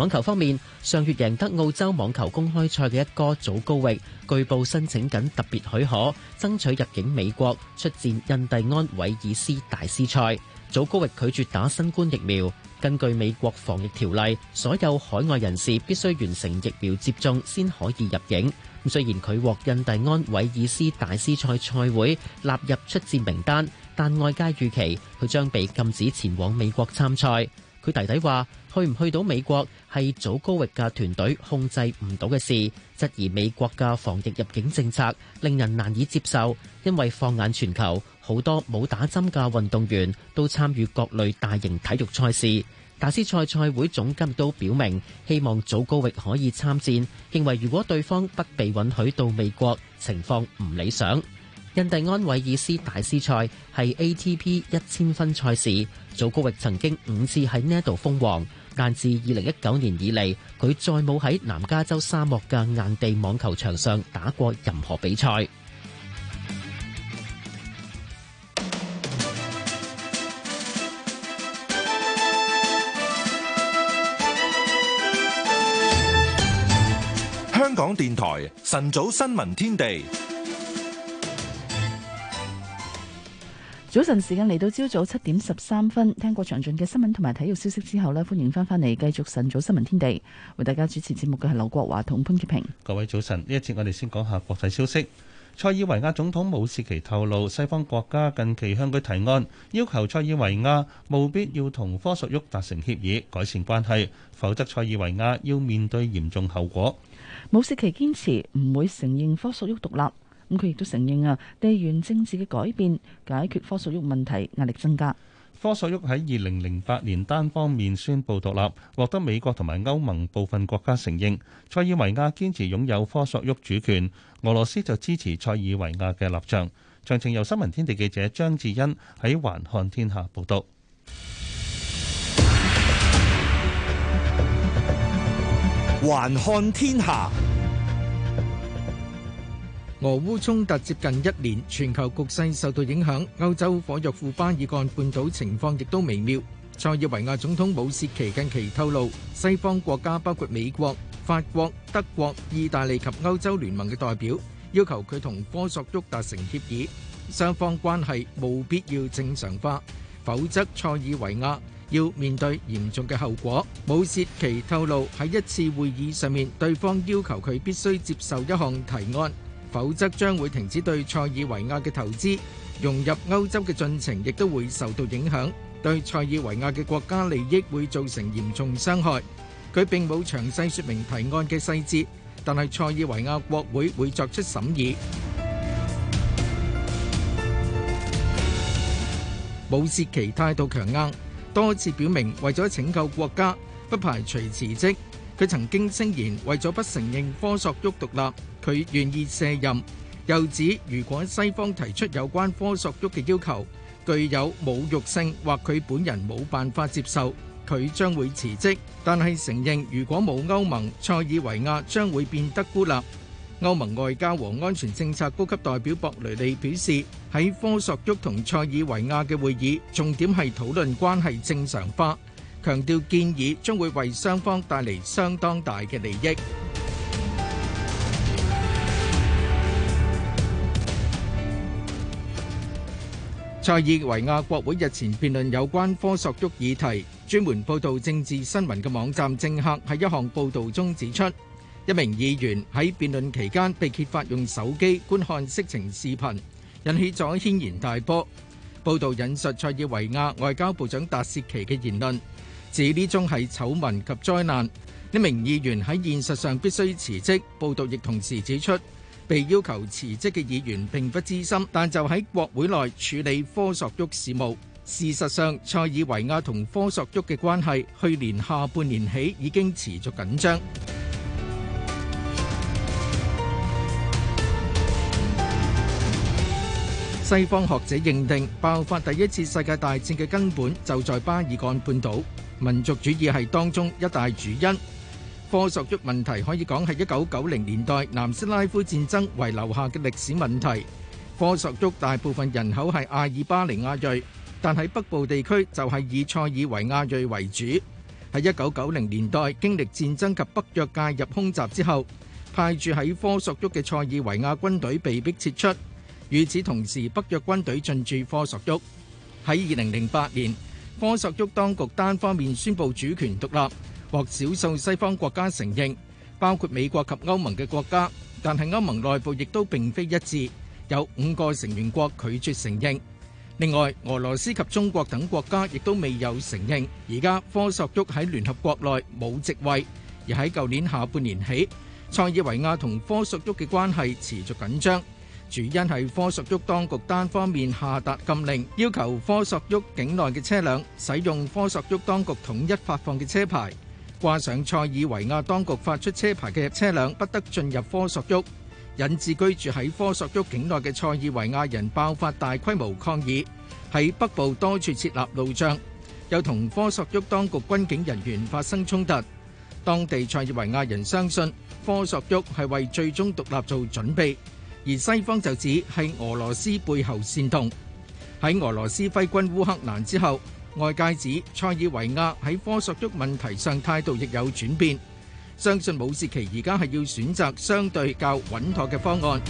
網球方面，上月贏得澳洲網球公開賽嘅一哥祖高域據報申請緊特別許可，爭取入境美國出戰印第安韋爾斯大師賽。祖高域拒絕打新冠疫苗，根據美國防疫條例，所有海外人士必須完成疫苗接種先可以入境。雖然佢獲印第安韋爾斯大師賽賽會納入出戰名單，但外界預期佢將被禁止前往美國參賽。佢弟弟話：去唔去到美國係祖高域嘅團隊控制唔到嘅事，質疑美國嘅防疫入境政策令人難以接受，因為放眼全球，好多冇打針嘅運動員都參與各類大型體育賽事。大師賽賽會總監都表明，希望祖高域可以參戰，認為如果對方不被允許到美國，情況唔理想。印第安韋爾斯大師賽係 ATP 一千分賽事，祖高域曾經五次喺呢度封王，但自二零一九年以嚟，佢再冇喺南加州沙漠嘅硬地網球場上打過任何比賽。香港電台晨早新聞天地。早晨時間嚟,到朝早七點十三分，聽過詳盡嘅新聞同埋體育消息之後咧，歡迎翻翻嚟繼續晨早新聞天地，為大家主持節目嘅係劉國華同潘潔平。各位早晨，呢一節我哋先講下國際消息。塞爾維亞總統武契奇透露，西方國家近期向佢提案，要求塞爾維亞務必要同科索沃達成協議，改善關係，否則塞爾維亞要面對嚴重後果。武契奇堅持唔會承認科索沃獨立。咁佢亦都承認啊，地緣政治嘅改變，解決科索沃問題壓力增加。科索沃喺二零零八年單方面宣布獨立，獲得美國同埋歐盟部分國家承認。塞爾維亞堅持擁有科索沃主權，俄羅斯就支持塞爾維亞嘅立場。詳情由新聞天地記者張志欣喺《環看天下》報道。環看天下。俄烏衝突接近一年，全球局勢受到影響。歐洲火藥庫巴爾幹半島情況亦都微妙。塞爾維亞總統武切奇近期透露，西方國家包括美國、法國、德國、意大利及歐洲聯盟嘅代表要求佢同科索沃達成協議，雙方關係冇必要正常化，否則塞爾維亞要面對嚴重嘅後果。武切奇透露喺一次會議上面，對方要求佢必須接受一項提案。否則將會停止對塞爾維亞嘅投資，融入歐洲嘅進程亦都會受到影響，對塞爾維亞嘅國家利益會造成嚴重傷害。佢並冇詳細説明提案嘅細節，但係塞爾維亞國會會作出審議。武切奇態度強硬，多次表明為咗拯救國家，不排除辭職。佢曾經聲言為咗不承認科索沃獨立。佢願意卸任，又指如果西方提出有關科索沃嘅要求具有侮辱性或佢本人冇辦法接受，佢將會辭職。但係承認，如果冇歐盟，塞爾維亞將會變得孤立。歐盟外交和安全政策高級代表博雷利表示，喺科索沃同塞爾維亞嘅會議，重點係討論關係正常化，強調建議將會為雙方帶嚟相當大嘅利益。塞爾維亞國會日前辯論有關科索沃議題，專門報道政治新聞嘅網站《政客》喺一項報道中指出，一名議員喺辯論期間被揭發用手機觀看色情視頻，引起咗軒然大波。報道引述塞爾維亞外交部長達薛奇嘅言論，指呢宗係醜聞及災難，一名議員喺現實上必須辭職。報道亦同時指出，被要求辭職嘅議員並不資深，但就喺國會內處理科索沃事務。事實上，塞爾維亞同科索沃嘅關係去年下半年起已經持續緊張。 西方學者認定，爆發第一次世界大戰嘅根本就在巴爾幹半島，民族主義係當中一大主因。科索沃問題可以講係一九九零年代南斯拉夫戰爭遺留下嘅歷史問題。科索沃大部分人口係阿爾巴尼亞裔，但喺北部地區就係以塞爾維亞裔為主。喺一九九零年代經歷戰爭及北約介入空襲之後，派駐喺科索沃嘅塞爾維亞軍隊被迫撤出。與此同時，北約軍隊進駐科索沃。喺二零零八年，科索沃當局單方面宣布主權獨立。獲少數西方國家承認，包括美國及歐盟嘅國家，但係歐盟內部亦都並非一致，有五個成員國拒絕承認。另外，俄羅斯及中國等國家亦都未有承認。而家科索沃喺聯合國內冇席位，而喺舊年下半年起，塞爾維亞同科索沃嘅關係持續緊張，主因係科索沃當局單方面下達禁令，要求科索沃境內嘅車輛使用科索沃當局統一發放嘅車牌。掛上塞爾維亞當局發出車牌嘅車輛不得進入科索沃，引致居住喺科索沃境內嘅塞爾維亞人爆發大規模抗議，喺北部多處設立路障，又同科索沃當局軍警人員發生衝突。當地塞爾維亞人相信科索沃係為最終獨立做準備，而西方就指係俄羅斯背後煽動。喺俄羅斯揮軍烏克蘭之後。外界指塞爾維亞喺科索沃問題上態度亦有轉變，相信武契奇而家係要選擇相對較穩妥嘅方案。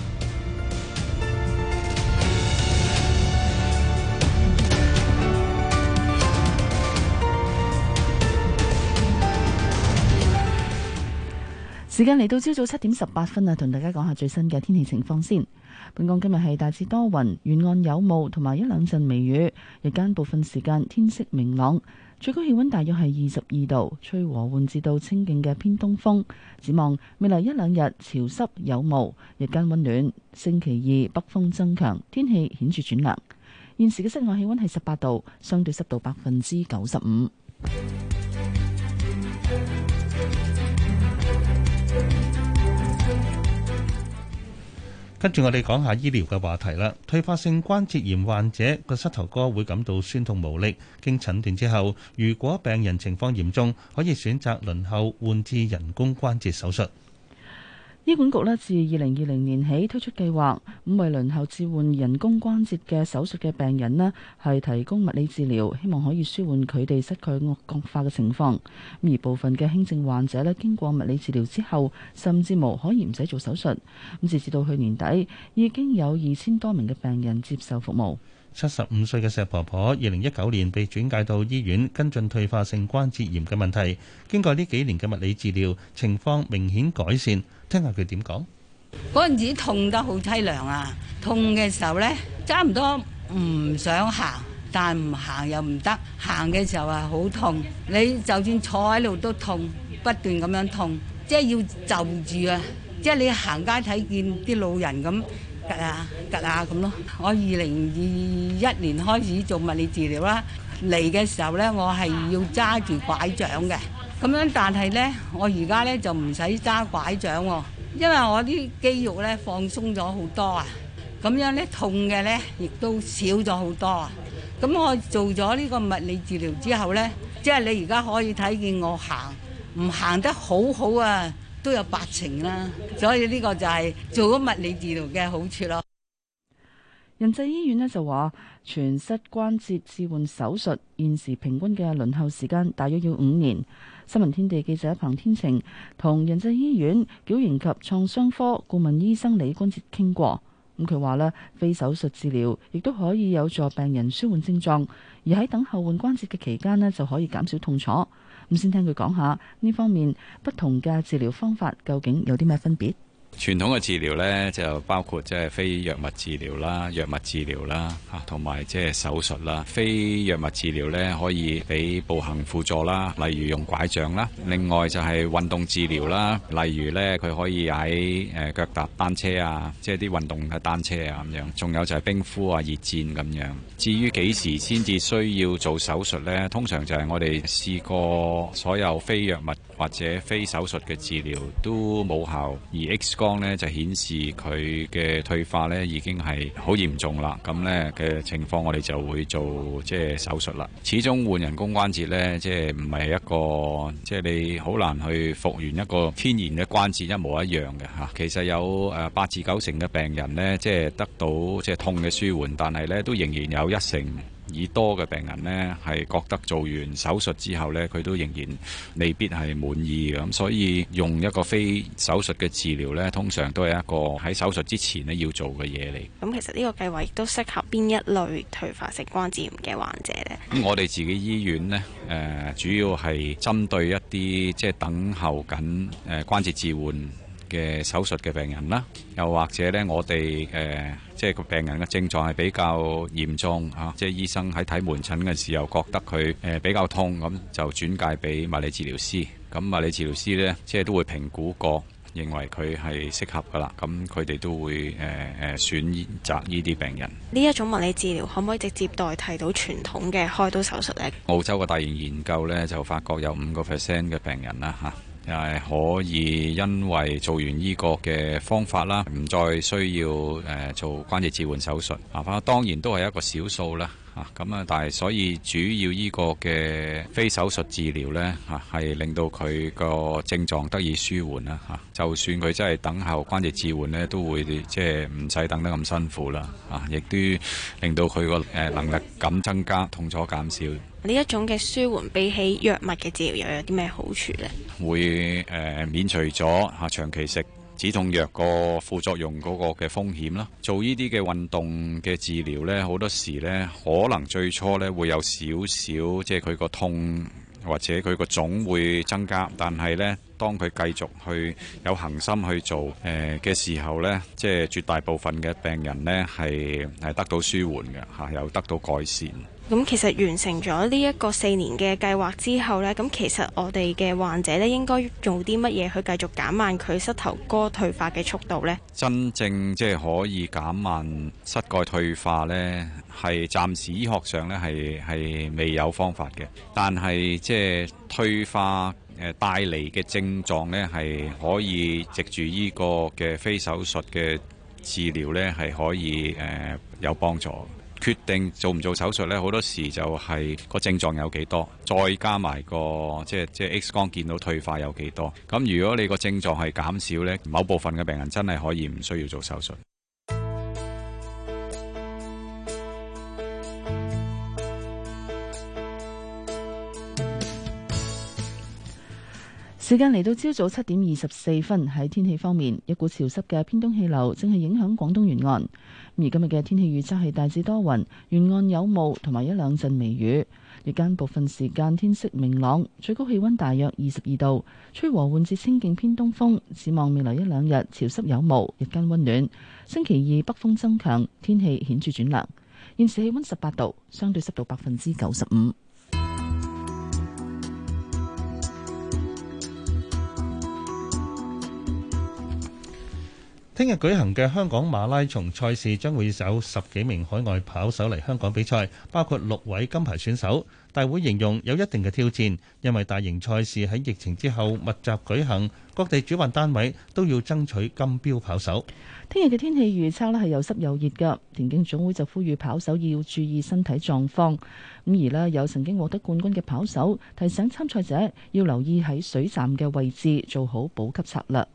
時間嚟到朝早七點十八分啦，同大家講下最新嘅天氣情況先。本港今日係大致多雲，沿岸有霧，同埋一兩陣微雨，日間部分時間天色明朗，最高氣溫大約係二十二度，吹和緩至到清勁嘅偏東風。展望未來一兩日潮濕有霧，日間溫暖。星期二北風增強，天氣顯著轉涼。現時嘅室外氣溫係十八度，相對濕度百分之九十五。跟住我哋講下醫療嘅話題啦。退化性關節炎患者個膝頭哥會感到酸痛無力，經診斷之後，如果病人情況嚴重，可以選擇輪候換置人工關節手術。醫管局咧，自二零二零年起推出計劃，為輪候置換人工關節嘅手術嘅病人咧，係提供物理治療，希望可以舒緩佢哋失去惡角化嘅情況。而部分嘅輕症患者咧，經過物理治療之後，甚至無可以唔使做手術。咁直至到去年底，已經有二千多名嘅病人接受服務。七十五歲嘅石婆婆，二零一九年被轉介到醫院跟進退化性關節炎嘅問題，經過呢幾年嘅物理治療，情況明顯改善。聽下佢點講。嗰陣時痛得好凄涼啊！痛嘅時候呢，差唔多唔想行，但唔行又唔得。行嘅時候啊，好痛。你就算坐喺度都痛，不斷咁樣痛。即係要就住啊！即係你行街睇見啲老人咁趌啊趌啊咁咯。我二零二一年開始做物理治療啦。嚟嘅時候呢，我係要揸住拐杖嘅。咁樣，但係呢，我而家呢就唔使揸拐杖喎，哦，因為我啲肌肉呢放鬆咗好多啊，咁樣呢，痛嘅呢亦都少咗好多啊。咁、嗯、我做咗呢個物理治療之後呢，即係你而家可以睇見我行，唔行得好好啊，都有八成啦、啊。所以呢個就係做咗物理治療嘅好處咯。仁濟醫院呢就話，全膝關節置換手術現時平均嘅輪候時間大約要五年。新聞天地記者彭天晴同仁濟醫院矯形及創傷科顧問醫生李君哲傾過，咁佢話咧，非手術治療亦都可以有助病人舒緩症狀，而喺等候換關節嘅期間咧就可以減少痛楚。咁先聽佢講下呢方面不同嘅治療方法究竟有啲咩分別？傳統嘅治療呢，就包括即係非藥物治療啦、藥物治療啦嚇，同埋即係手術啦。非藥物治療呢，可以俾步行輔助啦，例如用拐杖啦。另外就係運動治療啦，例如呢，佢可以喺誒、呃、腳踏單車啊，即係啲運動嘅單車啊咁樣。仲有就係冰敷啊、熱戰咁樣。至於幾時先至需要做手術呢？通常就係我哋試過所有非藥物。或者非手術嘅治療都冇效，而 X 光呢就顯示佢嘅退化呢已經係好嚴重啦。咁呢嘅情況，我哋就會做即係手術啦。始終換人工關節呢，即係唔係一個即係你好難去復原一個天然嘅關節一模一樣嘅嚇。其實有誒八至九成嘅病人呢，即係得到即係痛嘅舒緩，但係呢都仍然有一成。以多嘅病人呢，係覺得做完手術之後呢，佢都仍然未必係滿意。咁，所以用一個非手術嘅治療呢，通常都係一個喺手術之前呢要做嘅嘢嚟。咁其實呢個計劃亦都適合邊一類退化性關節炎嘅患者呢？咁我哋自己醫院呢，誒、呃、主要係針對一啲即係等候緊誒關節置換。嘅手術嘅病人啦，又或者呢，我哋誒即係個病人嘅症狀係比較嚴重嚇、啊，即係醫生喺睇門診嘅時候覺得佢誒、呃、比較痛，咁就轉介俾物理治療師。咁物理治療師呢，即係都會評估過，認為佢係適合㗎啦。咁佢哋都會誒誒、呃、選擇呢啲病人。呢一種物理治療可唔可以直接代替到傳統嘅開刀手術呢？澳洲嘅大型研究呢，就發覺有五個 percent 嘅病人啦嚇。啊啊就可以因為做完依個嘅方法啦，唔再需要誒、呃、做關節置換手術。啊，當然都係一個少數啦，嚇、啊、咁啊，但係所以主要依個嘅非手術治療呢，嚇、啊、係令到佢個症狀得以舒緩啦，嚇、啊、就算佢真係等候關節置換呢，都會即係唔使等得咁辛苦啦，嚇、啊、亦都令到佢個誒能力感增加，痛楚減少。呢一種嘅舒緩，比起藥物嘅治療又有啲咩好處呢？會誒、呃、免除咗嚇、啊、長期食止痛藥個副作用嗰個嘅風險啦。做呢啲嘅運動嘅治療呢，好多時呢，可能最初呢會有少少即係佢個痛或者佢個腫會增加，但係呢，當佢繼續去有恒心去做誒嘅、呃、時候呢，即係絕大部分嘅病人呢係係得到舒緩嘅嚇，又、啊、得到改善。咁其實完成咗呢一個四年嘅計劃之後咧，咁其實我哋嘅患者咧，應該做啲乜嘢去繼續減慢佢膝頭哥退化嘅速度咧？真正即係可以減慢膝蓋退化咧，係暫時醫學上咧，係係未有方法嘅。但係即係退化誒帶嚟嘅症狀咧，係可以藉住呢個嘅非手術嘅治療咧，係可以誒有幫助。決定做唔做手術咧，好多時就係個症狀有幾多，再加埋個即係即係 X 光見到退化有幾多。咁如果你個症狀係減少呢，某部分嘅病人真係可以唔需要做手術。時間嚟到朝早七點二十四分，喺天氣方面，一股潮濕嘅偏東氣流正係影響廣東沿岸。而今日嘅天氣預測係大致多雲，沿岸有霧同埋一兩陣微雨。日間部分時間天色明朗，最高氣溫大約二十二度，吹和緩至清勁偏東風。展望未來一兩日潮濕有霧，日間溫暖。星期二北風增強，天氣顯著轉涼。現時氣溫十八度，相對濕度百分之九十五。聽日舉行嘅香港馬拉松賽事將會有十幾名海外跑手嚟香港比賽，包括六位金牌選手。大會形容有一定嘅挑戰，因為大型賽事喺疫情之後密集舉行，各地主辦單位都要爭取金標跑手。聽日嘅天氣預測呢，係又濕又熱噶，田徑總會就呼籲跑手要注意身體狀況。咁而呢，有曾經獲得冠軍嘅跑手提醒參賽者要留意喺水站嘅位置，做好補給策略。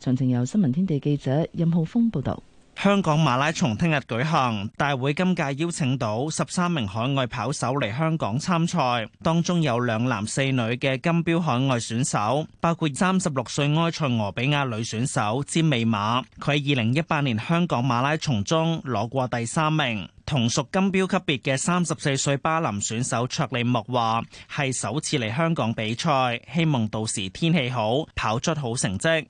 詳情由新聞天地記者任浩峰報道。香港馬拉松聽日舉行，大會今屆邀請到十三名海外跑手嚟香港參賽，當中有兩男四女嘅金標海外選手，包括三十六歲埃塞俄比亞女選手詹美瑪，佢喺二零一八年香港馬拉松中攞過第三名。同屬金標級別嘅三十四歲巴林選手卓利莫話係首次嚟香港比賽，希望到時天氣好，跑出好成績。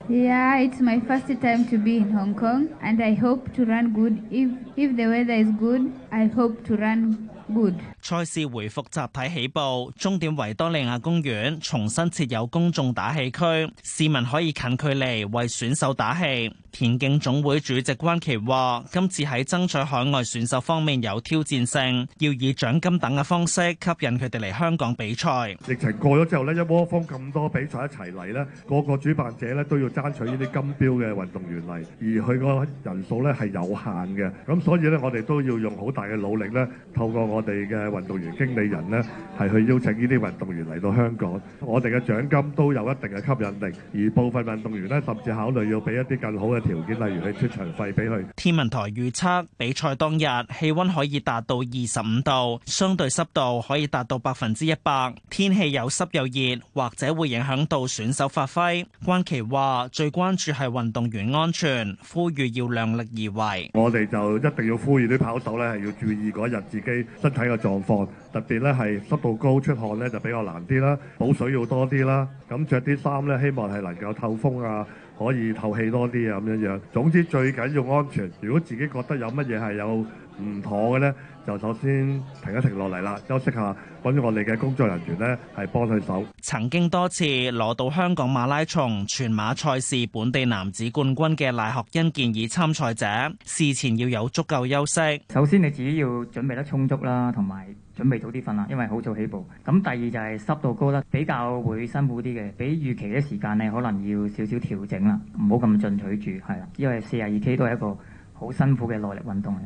賽事回復集體起步，終點維多利亞公園重新設有公眾打氣區，市民可以近距離為選手打氣。田徑總會主席關祺話，今次喺爭取海外選手方面有挑戰性，要以獎金等嘅方式吸引佢哋嚟香港比賽。疫情過咗之後呢，一窩蜂咁多比賽一齊嚟呢，個個主辦者呢都要爭取呢啲金標嘅運動員嚟，而佢個人數呢係有限嘅，咁所以呢，我哋都要用好大嘅努力呢透過我。我哋嘅運動員經理人呢，係去邀請呢啲運動員嚟到香港。我哋嘅獎金都有一定嘅吸引力，而部分運動員呢，甚至考慮要俾一啲更好嘅條件，例如你出場費俾佢。天文台預測比賽當日氣温可以達到二十五度，相對濕度可以達到百分之一百，天氣有濕有熱，或者會影響到選手發揮。關琦話：最關注係運動員安全，呼籲要量力而為。我哋就一定要呼籲啲跑手呢，係要注意嗰日自己睇個狀況，特別咧，係濕度高，出汗咧就比較難啲啦，補水要多啲啦。咁着啲衫咧，希望係能夠透風啊，可以透氣多啲啊，咁樣樣。總之最緊要安全。如果自己覺得有乜嘢係有。唔妥嘅咧，就首先停一停落嚟啦，休息下，揾咗我哋嘅工作人員呢，係幫佢手。曾經多次攞到香港馬拉松全馬賽事本地男子冠軍嘅賴學恩建議參賽者事前要有足夠休息。首先你自己要準備得充足啦，同埋準備早啲瞓啦，因為好早起步。咁第二就係濕度高得比較會辛苦啲嘅，比預期嘅時間咧，可能要少少調整啦，唔好咁進取住係啦，因為四十二 K 都係一個好辛苦嘅耐力運動嚟。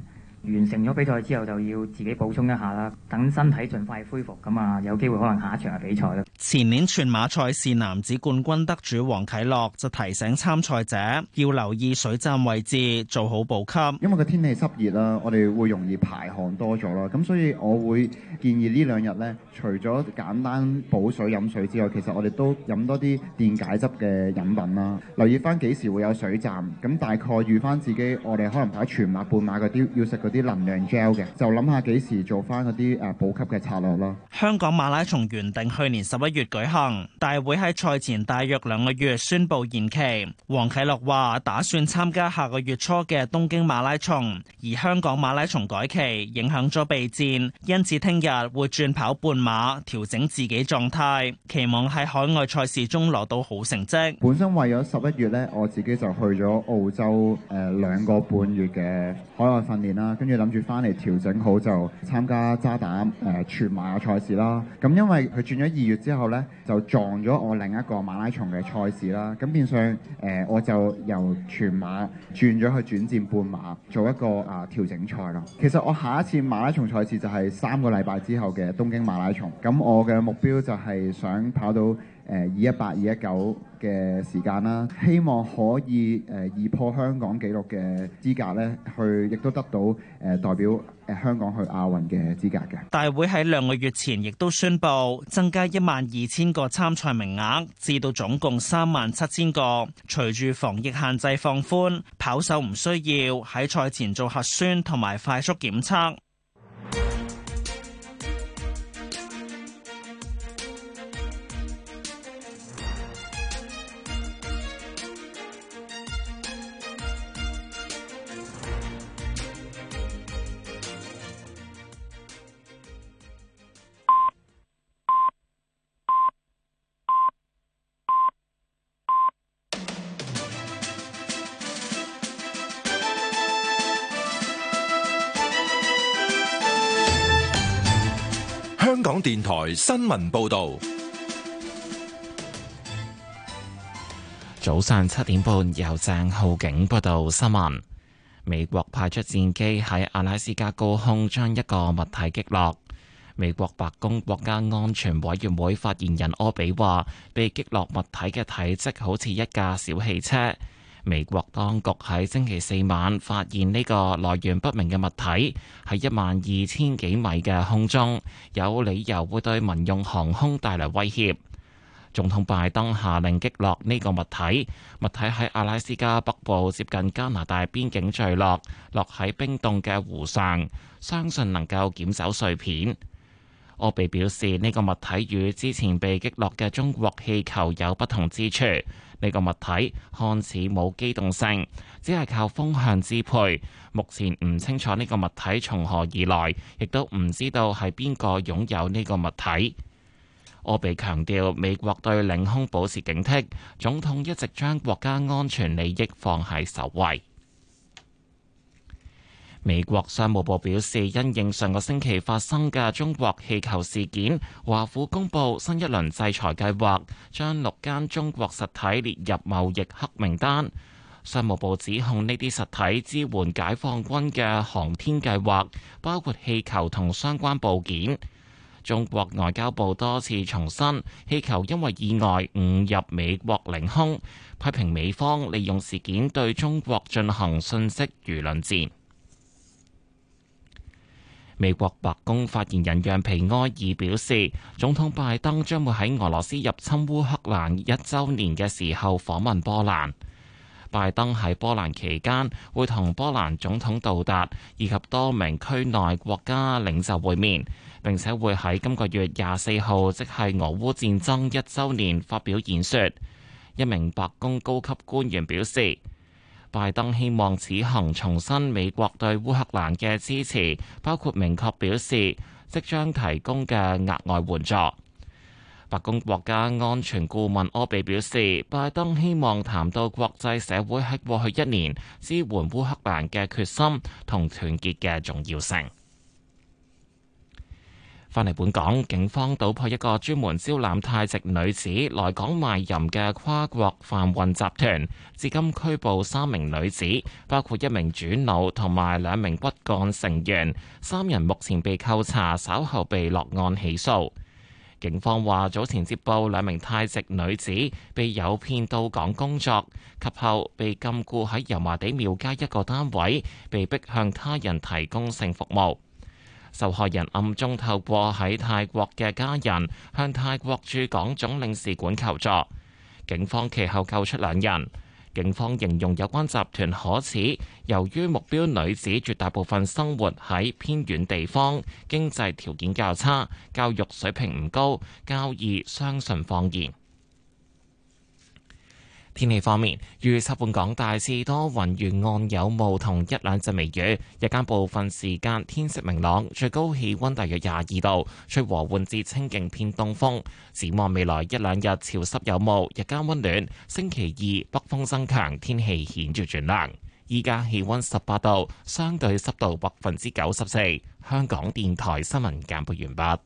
完成咗比賽之後就要自己補充一下啦，等身體盡快恢復咁啊，有機會可能下一場嘅比賽啦。前年全馬賽事男子冠軍得主黃啟樂就提醒參賽者要留意水站位置，做好補給。因為個天氣濕熱啦，我哋會容易排汗多咗啦，咁所以我會建議呢兩日呢，除咗簡單補水飲水之外，其實我哋都飲多啲電解質嘅飲品啦。留意翻幾時會有水站，咁大概預翻自己，我哋可能排全馬、半馬嗰啲要食啲能量 gel 嘅，就諗下幾時做翻嗰啲誒補給嘅策略咯。香港馬拉松原定去年十一月舉行，大會喺賽前大約兩個月宣布延期。黃啟樂話打算參加下個月初嘅東京馬拉松，而香港馬拉松改期影響咗備戰，因此聽日會轉跑半馬調整自己狀態，期望喺海外賽事中攞到好成績。本身為咗十一月咧，我自己就去咗澳洲誒兩個半月嘅海外訓練啦。跟住諗住翻嚟調整好就參加渣打誒、呃、全馬嘅賽事啦。咁、嗯、因為佢轉咗二月之後呢，就撞咗我另一個馬拉松嘅賽事啦。咁、嗯、變相誒、呃，我就由全馬轉咗去轉戰半馬做一個啊、呃、調整賽啦。其實我下一次馬拉松賽事就係三個禮拜之後嘅東京馬拉松。咁、嗯、我嘅目標就係想跑到誒二一八二一九。呃28，嘅時間啦，希望可以誒以破香港紀錄嘅資格咧，去亦都得到誒代表誒香港去亞運嘅資格嘅。大會喺兩個月前亦都宣布增加一萬二千個參賽名額，至到總共三萬七千個。隨住防疫限制放寬，跑手唔需要喺賽前做核酸同埋快速檢測。台新聞報道，早上七點半由鄭浩景報道新聞。美國派出戰機喺阿拉斯加高空將一個物體擊落。美國白宮國家安全委員會發言人柯比話，被擊落物體嘅體積好似一架小汽車。美國當局喺星期四晚發現呢個來源不明嘅物體，喺一萬二千幾米嘅空中，有理由會對民用航空帶來威脅。總統拜登下令擊落呢個物體，物體喺阿拉斯加北部接近加拿大邊境墜落，落喺冰凍嘅湖上，相信能夠撿走碎片。奧比表示，呢、這個物體與之前被擊落嘅中國氣球有不同之處。呢個物體看似冇機動性，只係靠風向支配。目前唔清楚呢個物體從何而來，亦都唔知道係邊個擁有呢個物體。我被強調，美國對領空保持警惕，總統一直將國家安全利益放喺首位。美國商務部表示，因應上個星期發生嘅中國氣球事件，華府公布新一輪制裁計劃，將六間中國實體列入貿易黑名單。商務部指控呢啲實體支援解放軍嘅航天計劃，包括氣球同相關部件。中國外交部多次重申，氣球因為意外誤入美國領空，批評美方利用事件對中國進行信息輿論戰。美國白宮發言人讓皮埃爾表示，總統拜登將會喺俄羅斯入侵烏克蘭一週年嘅時候訪問波蘭。拜登喺波蘭期間會同波蘭總統到達，以及多名區內國家領袖會面，並且會喺今個月廿四號，即係俄烏戰爭一週年發表演說。一名白宮高級官員表示。拜登希望此行重申美國對烏克蘭嘅支持，包括明確表示即將提供嘅額外援助。白宮國家安全顧問柯比表示，拜登希望談到國際社會喺過去一年支援烏克蘭嘅決心同團結嘅重要性。翻嚟本港，警方搗破一個專門招攬泰籍女子來港賣淫嘅跨國販運集團，至今拘捕三名女子，包括一名主腦同埋兩名骨幹成員。三人目前被扣查，稍後被落案起訴。警方話早前接報兩名泰籍女子被誘騙到港工作，及後被禁錮喺油麻地廟街一個單位，被逼向他人提供性服務。受害人暗中透過喺泰國嘅家人向泰國駐港總領事館求助，警方其後救出兩人。警方形容有關集團可恥，由於目標女子絕大部分生活喺偏遠地方，經濟條件較差，教育水平唔高，較易相信謊言。天氣方面，預測本港大致多雲沿岸有霧同一兩陣微雨，日間部分時間天色明朗，最高氣温大約廿二度，吹和緩至清勁偏東風。展望未來一兩日潮濕有霧，日間温暖。星期二北風增強，天氣顯著轉涼。依家氣温十八度，相對濕度百分之九十四。香港電台新聞簡報完畢。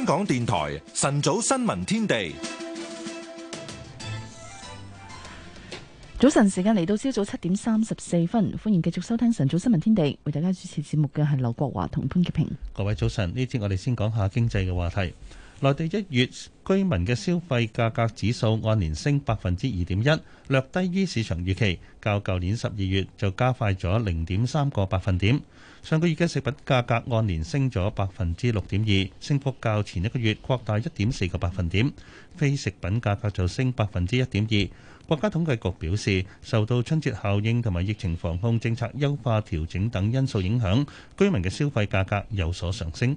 香港電台晨早新聞天地，早晨時間嚟到，朝早七點三十四分，歡迎繼續收聽晨早新聞天地，為大家主持節目嘅係劉國華同潘潔平。各位早晨，呢節我哋先講下經濟嘅話題。內地一月居民嘅消費價格指數按年升百分之二點一，略低於市場預期，較舊年十二月就加快咗零點三個百分點。上個月嘅食品價格按年升咗百分之六點二，升幅較前一個月擴大一點四個百分點。非食品價格就升百分之一點二。國家統計局表示，受到春節效應同埋疫情防控政策優化調整等因素影響，居民嘅消費價格有所上升。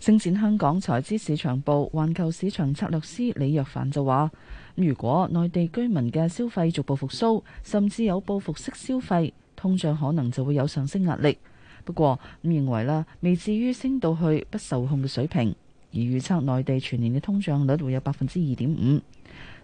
星展香港財資市場部環球市場策略師李若凡就話，如果內地居民嘅消費逐步復甦，甚至有報復式消費，通脹可能就會有上升壓力。不過咁認為啦，未至於升到去不受控嘅水平，而預測內地全年嘅通脹率會有百分之二點五。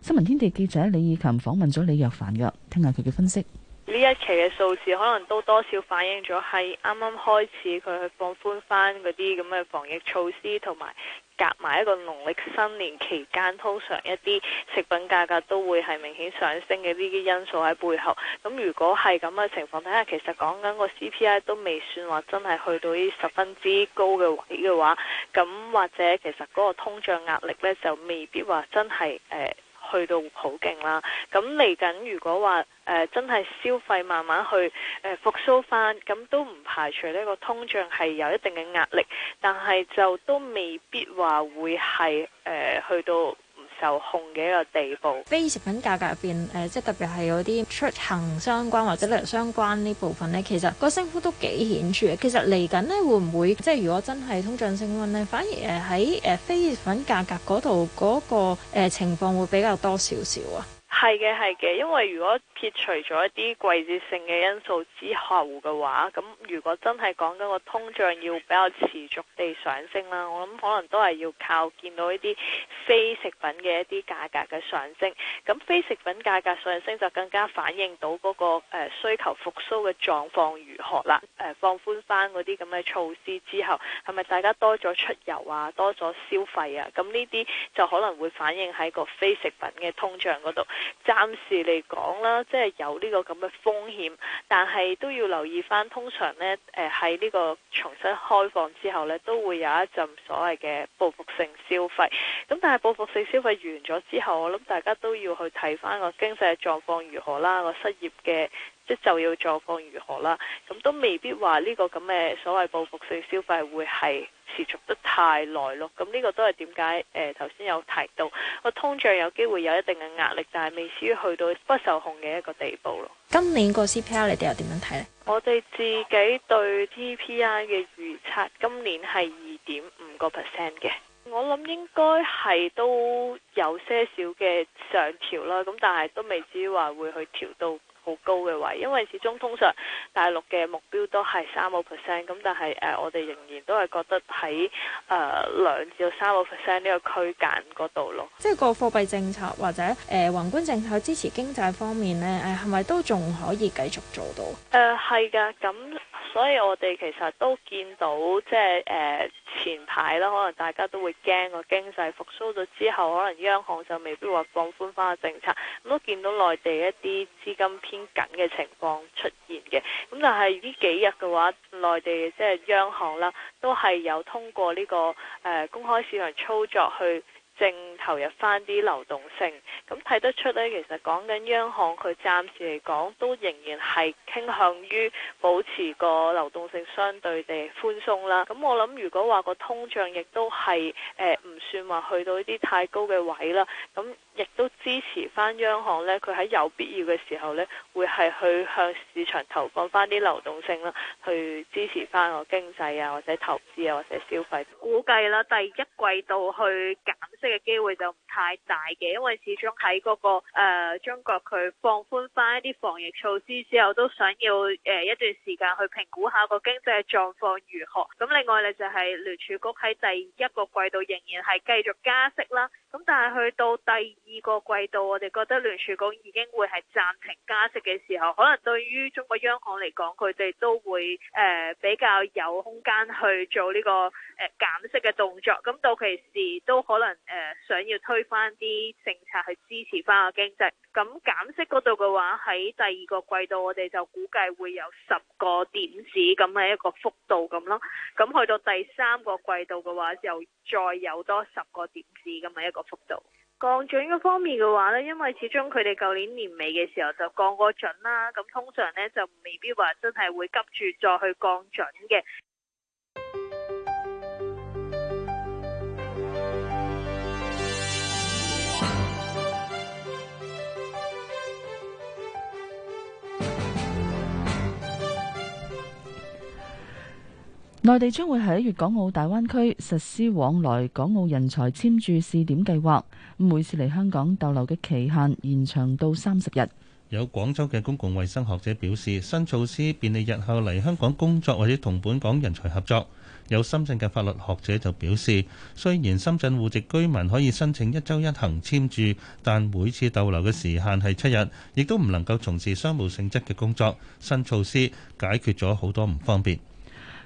新聞天地記者李以琴訪問咗李若凡嘅，聽下佢嘅分析。呢一期嘅數字可能都多少反映咗係啱啱開始佢去放寬翻嗰啲咁嘅防疫措施，同埋夾埋一個農曆新年期間通常一啲食品價格都會係明顯上升嘅呢啲因素喺背後。咁如果係咁嘅情況底下，其實講緊個 CPI 都未算話真係去到呢十分之高嘅位嘅話，咁或者其實嗰個通脹壓力呢，就未必話真係誒。呃去到好勁啦，咁嚟緊如果話誒、呃、真係消費慢慢去誒、呃、復甦翻，咁都唔排除呢、這個通脹係有一定嘅壓力，但係就都未必話會係誒、呃、去到。有控嘅一個地步，非食品價格入邊，誒、呃，即係特別係嗰啲出行相關或者旅相關呢部分呢，其實個升幅都幾顯著。其實嚟緊呢，會唔會即係如果真係通脹升溫呢，反而誒喺誒非食品價格嗰度嗰個、呃、情況會比較多少少啊？係嘅，係嘅。因為如果撇除咗一啲季節性嘅因素之後嘅話，咁如果真係講緊個通脹要比較持續地上升啦，我諗可能都係要靠見到一啲非食品嘅一啲價格嘅上升。咁非食品價格上升就更加反映到嗰個誒需求復甦嘅狀況如何啦。誒放寬翻嗰啲咁嘅措施之後，係咪大家多咗出遊啊，多咗消費啊？咁呢啲就可能會反映喺個非食品嘅通脹嗰度。暫時嚟講啦，即係有呢個咁嘅風險，但係都要留意翻。通常呢，誒喺呢個重新開放之後呢，都會有一陣所謂嘅報復性消費。咁但係報復性消費完咗之後，我諗大家都要去睇翻個經濟嘅狀況如何啦，個失業嘅。即就要狀況如何啦。咁都未必話呢個咁嘅所謂報復性消費會係持續得太耐咯。咁呢個都係點解？誒、呃，頭先有提到個通脹有機會有一定嘅壓力，但係未至於去到不受控嘅一個地步咯。今年個 CPI 你哋又點樣睇咧？我哋自己對 TPI 嘅預測今年係二點五個 percent 嘅。我諗應該係都有些少嘅上調啦。咁但係都未至於話會去調到，好高嘅位，因為始終通常大陸嘅目標都係三個 percent，咁但係誒、呃、我哋仍然都係覺得喺誒兩至三個 percent 呢個區間嗰度咯。即係個貨幣政策或者誒宏、呃、觀政策支持經濟方面咧，誒，係咪都仲可以繼續做到？誒，係㗎，咁。所以我哋其實都見到，即係誒、呃、前排啦，可能大家都會驚個經濟復甦咗之後，可能央行就未必話放寬翻個政策。咁都見到內地一啲資金偏緊嘅情況出現嘅。咁但係呢幾日嘅話，內地即係央行啦，都係有通過呢、這個誒、呃、公開市場操作去。正投入翻啲流動性，咁睇得出呢。其實講緊央行佢暫時嚟講都仍然係傾向於保持個流動性相對地寬鬆啦。咁我諗如果話個通脹亦都係誒唔算話去到一啲太高嘅位啦，咁。亦都支持翻央行咧，佢喺有必要嘅時候咧，會係去向市場投放翻啲流動性啦，去支持翻個經濟啊，或者投資啊，或者消費。估計啦，第一季度去減息嘅機會就唔太大嘅，因為始終喺嗰個誒、呃、中國佢放寬翻一啲防疫措施之後，都想要誒一段時間去評估下個經濟嘅狀況如何。咁另外咧就係聯儲局喺第一個季度仍然係繼續加息啦。咁但係去到第二個季度，我哋覺得聯儲局已經會係暫停加息嘅時候，可能對於中國央行嚟講，佢哋都會誒、呃、比較有空間去做呢、這個誒減、呃、息嘅動作。咁，到期是都可能誒、呃、想要推翻啲政策去支持翻個經濟。咁減息嗰度嘅話，喺第二個季度，我哋就估計會有十個點子咁嘅一個幅度咁咯。咁去到第三個季度嘅話，就再有多十個點子咁嘅一個幅度。降準嗰方面嘅話，咧，因為始終佢哋舊年年尾嘅時候就降過準啦，咁通常咧就未必話真係會急住再去降準嘅。內地將會喺粵港澳大灣區實施往來港澳人才簽注試點計劃，每次嚟香港逗留嘅期限延長到三十日。有廣州嘅公共衛生學者表示，新措施便利日後嚟香港工作或者同本港人才合作。有深圳嘅法律學者就表示，雖然深圳戶籍居民可以申請一周一行簽注，但每次逗留嘅時限係七日，亦都唔能夠從事商務性質嘅工作。新措施解決咗好多唔方便。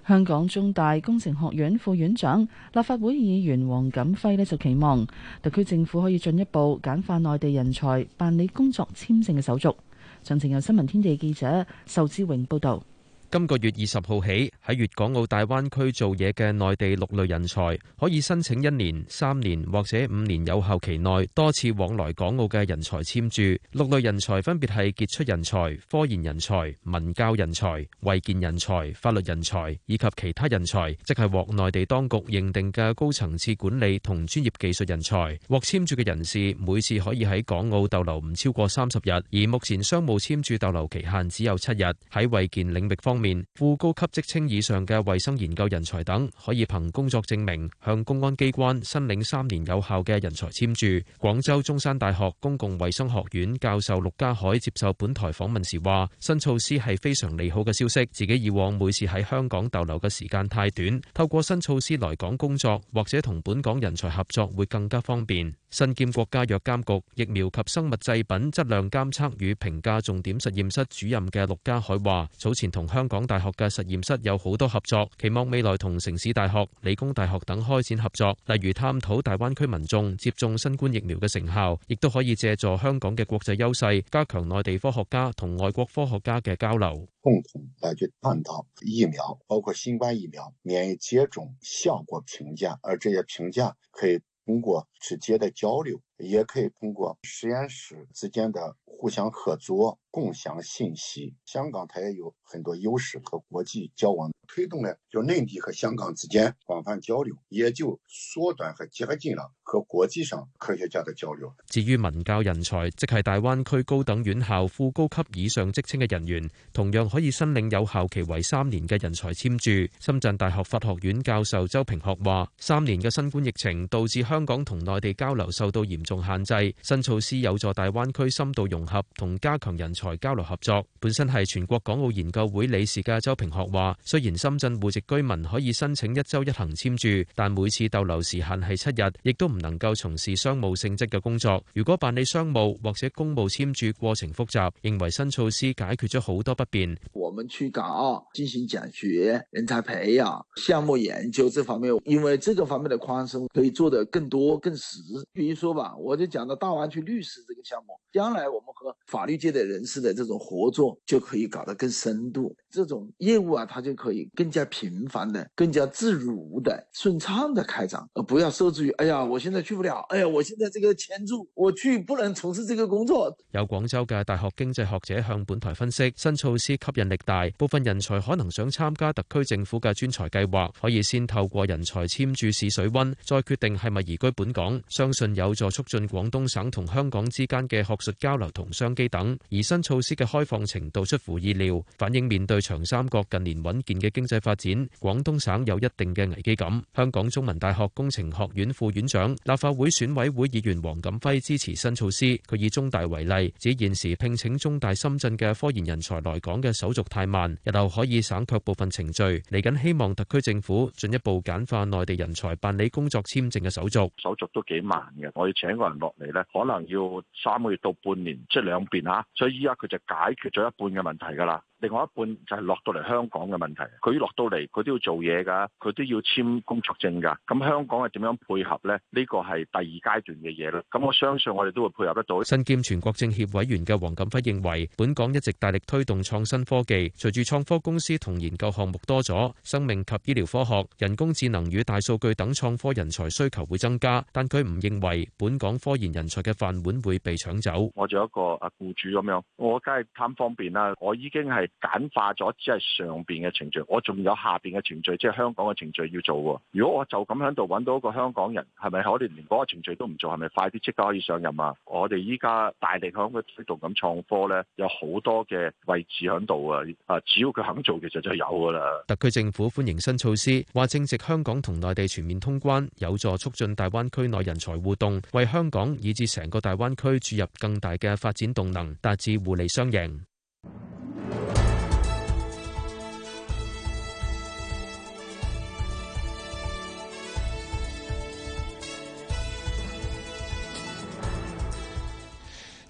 香港中大工程學院副院長、立法會議員黃錦輝呢就期望特區政府可以進一步簡化內地人才辦理工作簽證嘅手續。詳情由新聞天地記者仇志榮報道。今個月二十號起，喺粵港澳大灣區做嘢嘅內地六類人才可以申請一年、三年或者五年有效期內多次往來港澳嘅人才簽注。六類人才分別係傑出人才、科研人才、文教人才、衛建人才、法律人才以及其他人才，即係獲內地當局認定嘅高層次管理同專業技術人才。獲簽注嘅人士每次可以喺港澳逗留唔超過三十日，而目前商務簽注逗留期限只有七日。喺衛健領域方面副高級職稱以上嘅衛生研究人才等，可以憑工作證明向公安機關申領三年有效嘅人才簽注。廣州中山大學公共衛生學院教授陸家海接受本台訪問時話：新措施係非常利好嘅消息，自己以往每次喺香港逗留嘅時間太短，透過新措施來港工作或者同本港人才合作會更加方便。新兼國家藥監局疫苗及生物製品質量監測與評價重點實驗室主任嘅陸家海話：早前同香港大學嘅實驗室有好多合作，期望未來同城市大學、理工大學等開展合作，例如探討大灣區民眾接種新冠疫苗嘅成效，亦都可以借助香港嘅國際優勢，加強內地科學家同外國科學家嘅交流，共同來探討疫苗，包括新冠疫苗免疫接種效果評價，而這些評價可以通過直接的交流，也可以通過實驗室之間的。互相合作，共享信息。香港它也有很多優勢和國際交往，推動了，就內地和香港之間廣泛交流，也就縮短和接近了和國際上科學家的交流。至於文教人才，即係大灣區高等院校副高級以上職稱嘅人員同樣可以申領有效期為三年嘅人才簽注。深圳大學法學院教授周平學話，三年嘅新冠疫情導致香港同內地交流受到嚴重限制，新措施有助大灣區深度融。融合同加強人才交流合作，本身係全國港澳研究會理事嘅周平學話，雖然深圳戶籍居民可以申請一周一行簽注，但每次逗留時限係七日，亦都唔能夠從事商務性質嘅工作。如果辦理商務或者公務簽注過程複雜，認為新措施解決咗好多不便。我們去港澳進行講學、人才培養、項目研究這方面，因為這個方面的寬鬆，可以做得更多更實。譬如說吧，我就講到大灣區律師這個項目，將來我。和法律界的人士的這種合作，就可以搞得更深度。這種業務啊，它就可以更加頻繁的、更加自如的、順暢的開展，而不要受制於，哎呀，我現在去不了，哎呀，我現在這個簽注，我去不能從事這個工作。有廣州嘅大學經濟學者向本台分析，新措施吸引力大，部分人才可能想參加特區政府嘅專才計劃，可以先透過人才簽注試水温，再決定係咪移居本港。相信有助促進廣東省同香港之間嘅學術交流同商機等。而新措施嘅開放程度出乎意料，反映面對。對長三角近年穩健嘅經濟發展，廣東省有一定嘅危機感。香港中文大學工程學院副院長、立法會選委會議員黃錦輝支持新措施。佢以中大為例，指現時聘請中大深圳嘅科研人才來港嘅手續太慢，日後可以省卻部分程序。嚟緊希望特區政府進一步簡化內地人才辦理工作簽證嘅手續。手續都幾慢嘅，我要請個人落嚟呢，可能要三個月到半年，即係兩邊啦。所以依家佢就解決咗一半嘅問題噶啦，另外一半，就係落到嚟香港嘅問題，佢落到嚟佢都要做嘢噶，佢都要簽工作證噶，咁香港係點樣配合咧？呢個係第二階段嘅嘢啦。咁我相信我哋都會配合得到。身兼全國政協委員嘅黃錦輝認為，本港一直大力推動創新科技，隨住創科公司同研究項目多咗，生命及醫療科學、人工智能與大數據等創科人才需求會增加。但佢唔認為本港科研人才嘅飯碗會被搶走。我做一個啊雇主咁樣，我梗係貪方便啦，我已經係簡化。咗止係上邊嘅程序，我仲有下邊嘅程序，即係香港嘅程序要做。如果我就咁喺度揾到一個香港人，係咪可能連嗰個程序都唔做，係咪快啲即刻可以上任啊？我哋依家大力響度推咁創科呢，有好多嘅位置喺度啊！啊，只要佢肯做，其實就有㗎啦。特區政府歡迎新措施，話正值香港同內地全面通關，有助促進大灣區內人才互動，為香港以至成個大灣區注入更大嘅發展動能，達至互利雙贏。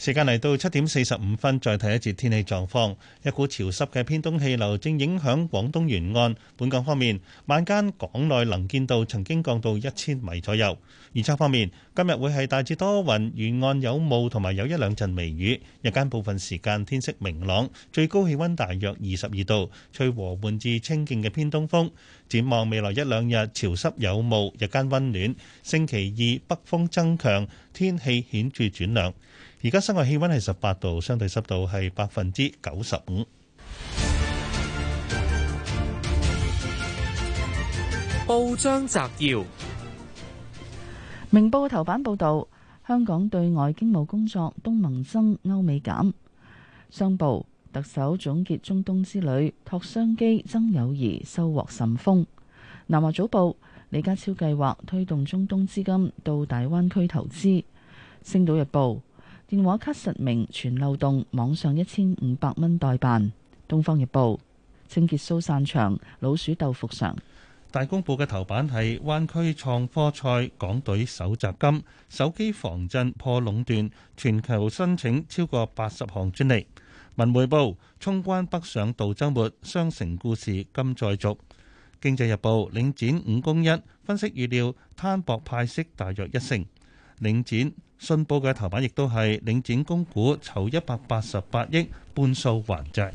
時間嚟到七點四十五分，再睇一節天氣狀況。一股潮濕嘅偏東氣流正影響廣東沿岸。本港方面，晚間港內能見度曾經降到一千米左右。預測方面，今日會係大致多雲，沿岸有霧同埋有一兩陣微雨。日間部分時間天色明朗，最高氣溫大約二十二度，吹和緩至清勁嘅偏東風。展望未來一兩日，潮濕有霧，日間溫暖。星期二北風增強，天氣顯著轉涼。而家室外氣溫係十八度，相對濕度係百分之九十五。報章摘要：明報頭版報道，香港對外經貿工作東盟增、歐美減，商報特首總結中東之旅，托商機增友誼收穫甚豐。南華早報：李家超計劃推動中東資金到大灣區投資。星島日報。電話卡實名全漏洞，網上一千五百蚊代辦。《東方日報》清潔掃散場，老鼠鬥伏牆。大公報嘅頭版係灣區創科賽，港隊首摘金。手機防震破壟斷，全球申請超過八十項專利。《文匯報》衝關北上渡周末，雙城故事今再續。《經濟日報》領展五公一，分析預料攤薄派息大約一成。領展。信報嘅頭版亦都係領展供股籌一百八十八億，半數還債。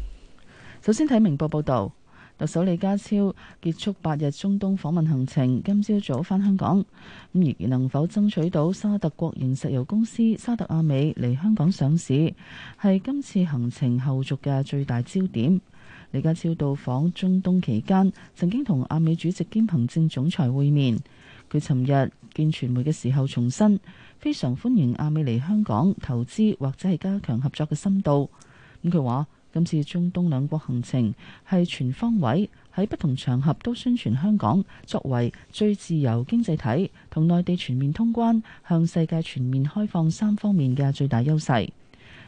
首先睇明報報導，特首李家超結束八日中東訪問行程，今朝早返香港。咁而能否爭取到沙特國營石油公司沙特阿美嚟香港上市，係今次行程後續嘅最大焦點。李家超到訪中東期間，曾經同阿美主席兼行政總裁會面。佢尋日。見傳媒嘅時候重申，非常歡迎亞美嚟香港投資或者係加強合作嘅深度。咁佢話：今次中東兩國行程係全方位喺不同場合都宣傳香港作為最自由經濟體、同內地全面通關、向世界全面開放三方面嘅最大優勢。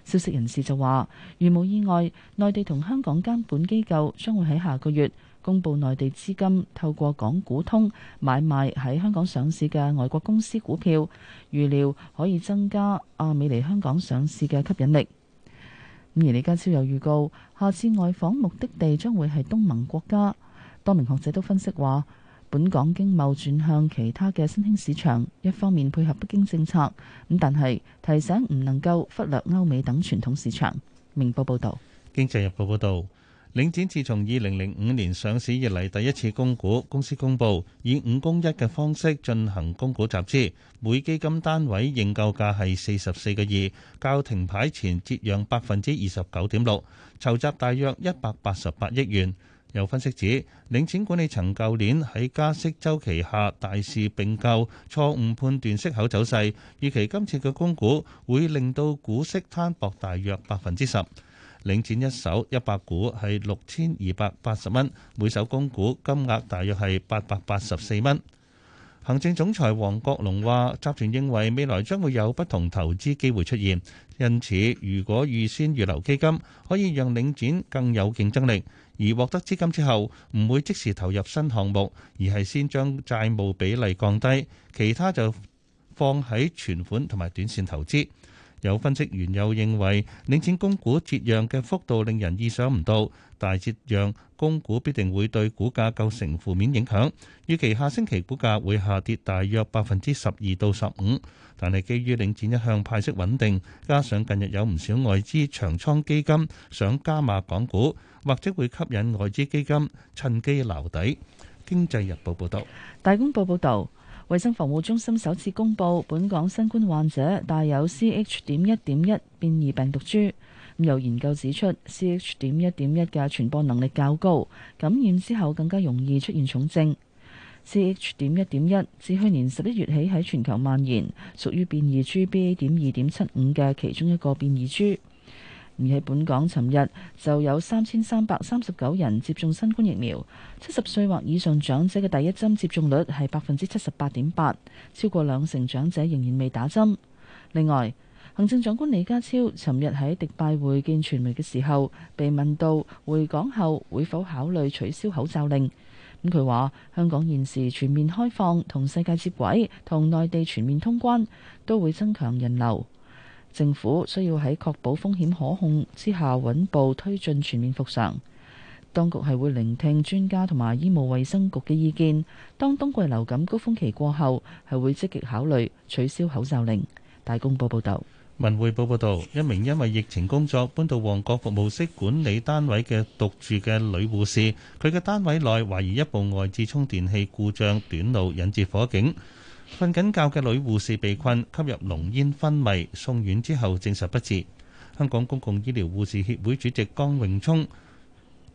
消息人士就話：如無意外，內地同香港監管機構將會喺下個月。公布內地資金透過港股通買賣喺香港上市嘅外國公司股票，預料可以增加亞美嚟香港上市嘅吸引力。咁而李家超又預告，下次外訪目的地將會係東盟國家。多名學者都分析話，本港經貿轉向其他嘅新興市場，一方面配合北京政策，咁但係提醒唔能夠忽略歐美等傳統市場。明報報導，《經濟日報》報導。領展自從二零零五年上市以嚟第一次供股，公司公布以五供一嘅方式進行供股集資，每基金單位認購價係四十四個二，較停牌前折讓百分之二十九點六，籌集大約一百八十八億元。有分析指，領展管理層舊年喺加息周期下大肆並購，錯誤判斷息口走勢，預期今次嘅供股會令到股息攤薄大約百分之十。領展一手一百股係六千二百八十蚊，每手供股金額大約係八百八十四蚊。行政總裁王國龍話：集團認為未來將會有不同投資機會出現，因此如果預先預留基金，可以讓領展更有競爭力。而獲得資金之後，唔會即時投入新項目，而係先將債務比例降低，其他就放喺存款同埋短線投資。有分析員又認為，領展供股折讓嘅幅度令人意想唔到，大折讓供股必定會對股價構成負面影響，預期下星期股價會下跌大約百分之十二到十五。但係基於領展一向派息穩定，加上近日有唔少外資長倉基金想加碼港股，或者會吸引外資基金趁機撈底。經濟日報報導，大公報報導。衛生防護中心首次公布本港新冠患者帶有 CH. 點一點一變異病毒株。咁有研究指出，CH. 點一點一嘅傳播能力較高，感染之後更加容易出現重症。CH. 點一點一自去年十一月起喺全球蔓延，屬於變異株 BA. 點二點七五嘅其中一個變異株。而喺本港，尋日就有三千三百三十九人接種新冠疫苗，七十歲或以上長者嘅第一針接種率係百分之七十八點八，超過兩成長者仍然未打針。另外，行政長官李家超尋日喺迪拜會見傳媒嘅時候，被問到回港後會否考慮取消口罩令，咁佢話：香港現時全面開放，同世界接軌，同內地全面通關，都會增強人流。政府需要喺確保風險可控之下穩步推進全面復常。當局係會聆聽專家同埋醫務衛生局嘅意見。當冬季流感高峰期過後，係會積極考慮取消口罩令。大公報報道，文匯報報道，一名因為疫情工作搬到旺角服務式管理單位嘅獨住嘅女護士，佢嘅單位內懷疑一部外置充電器故障短路引致火警。瞓緊覺嘅女護士被困吸入濃煙昏迷，送院之後證實不治。香港公共醫療護士協會主席江永聰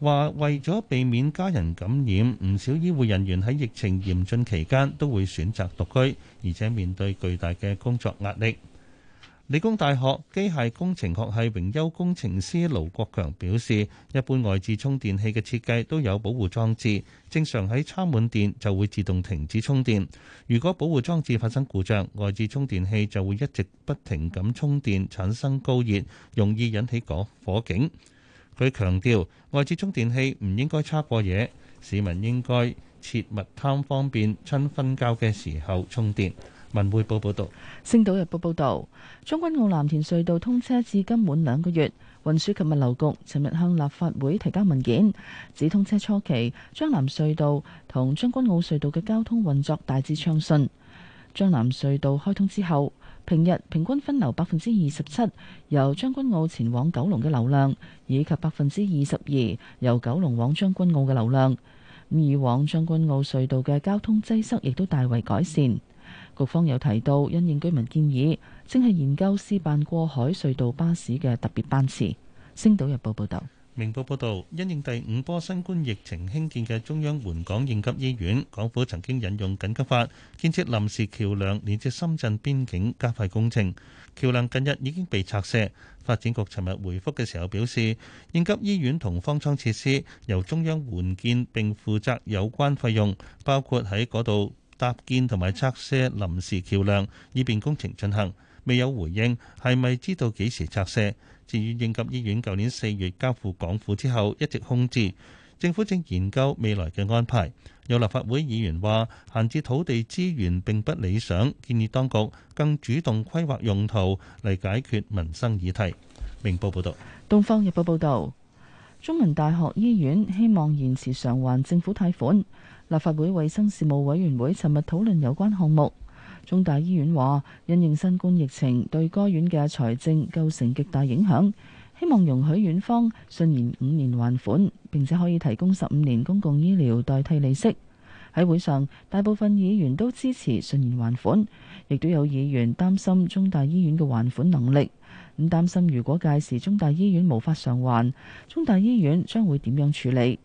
話：為咗避免家人感染，唔少醫護人員喺疫情嚴峻期間都會選擇獨居，而且面對巨大嘅工作壓力。理工大學機械工程學系榮休工程師盧國強表示，一般外置充電器嘅設計都有保護裝置，正常喺插滿電就會自動停止充電。如果保護裝置發生故障，外置充電器就會一直不停咁充電，產生高熱，容易引起火警。佢強調，外置充電器唔應該插過夜，市民應該切勿貪方便，趁瞓覺嘅時候充電。文匯報報道，《星島日報》報道，將軍澳藍田隧道通車至今滿兩個月，運輸及物流局尋日向立法會提交文件，指通車初期，將南隧道同將軍澳隧道嘅交通運作大致暢順。將南隧道開通之後，平日平均分流百分之二十七由將軍澳前往九龍嘅流量，以及百分之二十二由九龍往將軍澳嘅流量。咁以往將軍澳隧道嘅交通擠塞亦都大為改善。局方有提到，因應居民建議，正係研究試辦過海隧道巴士嘅特別班次。星島日報報導。明報報導，因應第五波新冠疫情興建嘅中央援港應急醫院，港府曾經引用緊急法建設臨時橋梁連接深圳邊境，加快工程。橋梁近日已經被拆卸。發展局尋日回覆嘅時候表示，應急醫院同方艙設施由中央援建並負責有關費用，包括喺嗰度，搭建同埋拆卸臨時橋梁，以便工程進行。未有回應，係咪知道幾時拆卸？至於應急醫院，舊年四月交付港府之後一直空置。政府正研究未來嘅安排。有立法會議員話閒置土地資源並不理想，建議當局更主動規劃用途嚟解決民生議題，明報報道。東方日報報道，中文大學醫院希望延遲償還政府貸款。立法會衛生事務委員會尋日討論有關項目，中大醫院話因應新冠疫情對該院嘅財政構成極大影響，希望容許院方順延五年還款，並且可以提供十五年公共醫療代替利息。喺會上，大部分議員都支持順延還款，亦都有議員擔心中大醫院嘅還款能力。咁擔心如果屆時中大醫院無法償還，中大醫院將會點樣處理？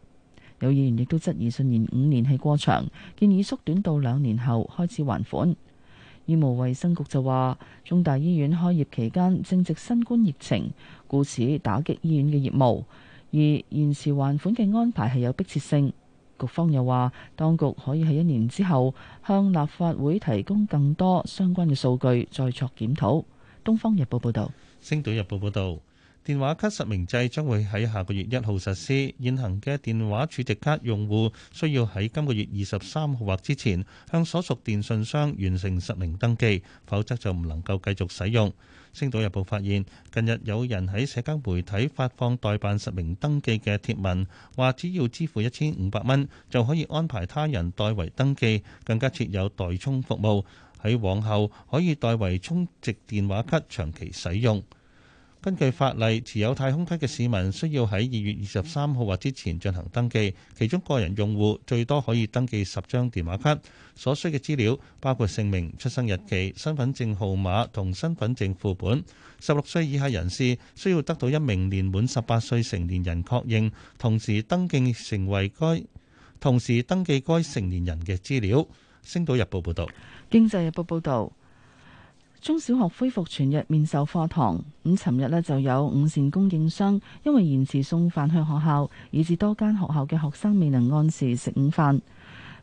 有議員亦都質疑信言五年係過長，建議縮短到兩年後開始還款。醫務衛生局就話，中大醫院開業期間正值新冠疫情，故此打擊醫院嘅業務。而延遲還款嘅安排係有迫切性。局方又話，當局可以喺一年之後向立法會提供更多相關嘅數據，再作檢討。《東方日報》報道，《星島日報》報道。電話卡實名制將會喺下個月1號實施,現行嘅電話儲值卡用戶需要喺今個月23號或之前向所屬電訊商完成實名登記,否則就唔能夠繼續使用。星島日報發現,近日有人喺社交媒體發放代辦實名登記嘅貼文,話只要支付1500蚊就可以安排他人代為登記,更加設有代充服務,喺往後可以代為充值電話卡長期使用。根據法例，持有太空卡嘅市民需要喺二月二十三號或之前進行登記，其中個人用戶最多可以登記十張電話卡。所需嘅資料包括姓名、出生日期、身份證號碼同身份證副本。十六歲以下人士需要得到一名年滿十八歲成年人確認，同時登記成為該同時登記該成年人嘅資料。星島日報報道。經濟日報報道。中小學恢復全日面授課堂，咁尋日呢就有午膳供應商因為延遲送飯去學校，以致多間學校嘅學生未能按時食午飯。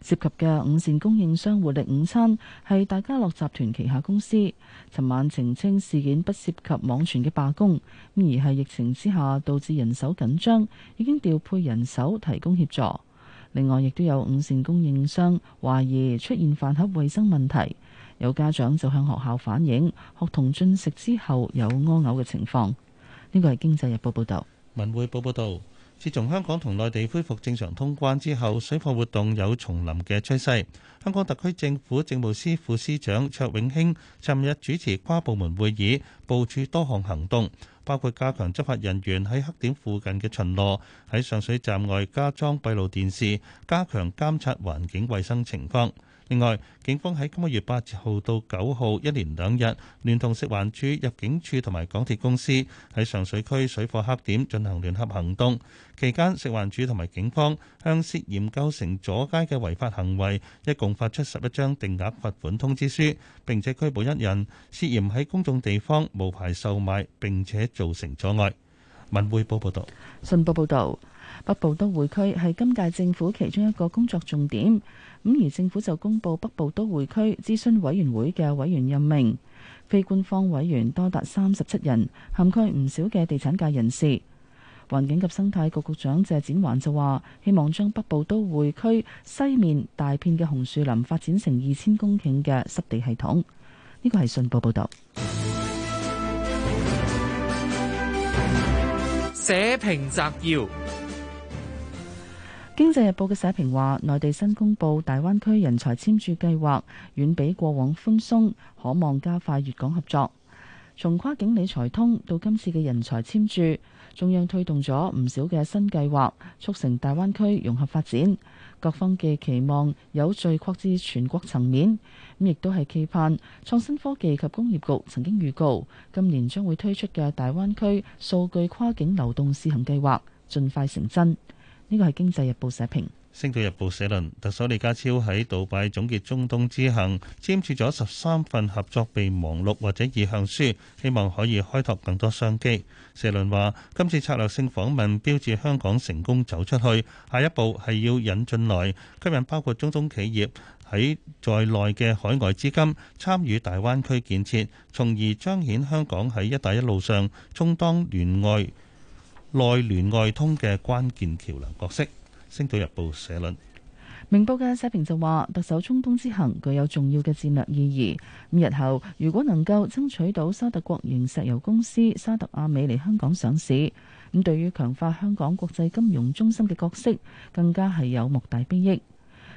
涉及嘅午膳供應商活力午餐係大家樂集團旗下公司。尋晚澄清事件不涉及網傳嘅罷工，而係疫情之下導致人手緊張，已經調配人手提供協助。另外，亦都有午膳供應商懷疑出現飯盒衛生問題。有家長就向學校反映，學童進食之後有屙嘔嘅情況。呢個係《經濟日報》報導，《文匯報》報導。自從香港同內地恢復正常通關之後，水貨活動有重臨嘅趨勢。香港特區政府政務司副司長卓永興尋日主持跨部門會議，部署多項行動，包括加強執法人員喺黑點附近嘅巡邏，喺上水站外加裝閉路電視，加強監察環境衛生情況。另外，警方喺今個月八號到九號一連兩日聯同食環署、入境處同埋港鐵公司喺上水區水貨黑點進行聯合行動。期間，食環署同埋警方向涉嫌構成阻街嘅違法行為，一共發出十一張定額罰款通知書，並且拘捕一人，涉嫌喺公眾地方無牌售賣並且造成阻礙。文匯報報導，信報報導，北部都會區係今屆政府其中一個工作重點。咁而政府就公布北部都會區諮詢委員會嘅委員任命，非官方委員多達三十七人，涵蓋唔少嘅地產界人士。環境及生態局局長謝展環就話，希望將北部都會區西面大片嘅紅樹林發展成二千公頃嘅濕地系統。呢個係信報報道。社評摘要。經濟日報嘅社評話，內地新公布大灣區人才簽注計劃，遠比過往寬鬆，可望加快粵港合作。從跨境理財通到今次嘅人才簽注，中央推動咗唔少嘅新計劃，促成大灣區融合發展。各方嘅期望有序擴至全國層面，咁亦都係期盼創新科技及工業局曾經預告今年將會推出嘅大灣區數據跨境流動試行計劃，盡快成真。呢個係《經濟日報》社評，《星島日報》社論。特首李家超喺杜拜總結中東之行，簽署咗十三份合作備忘錄或者意向書，希望可以開拓更多商機。社論話：今次策略性訪問標誌香港成功走出去，下一步係要引進來吸引包括中東企業喺在內嘅海外資金參與大灣區建設，從而彰顯香港喺一帶一路上充當聯外。內聯外通嘅關鍵橋樑角色，《星島日報》社論。明報嘅社評就話，特首中東之行具有重要嘅戰略意義。咁日後如果能夠爭取到沙特國營石油公司沙特阿美嚟香港上市，咁、嗯、對於強化香港國際金融中心嘅角色，更加係有莫大裨益。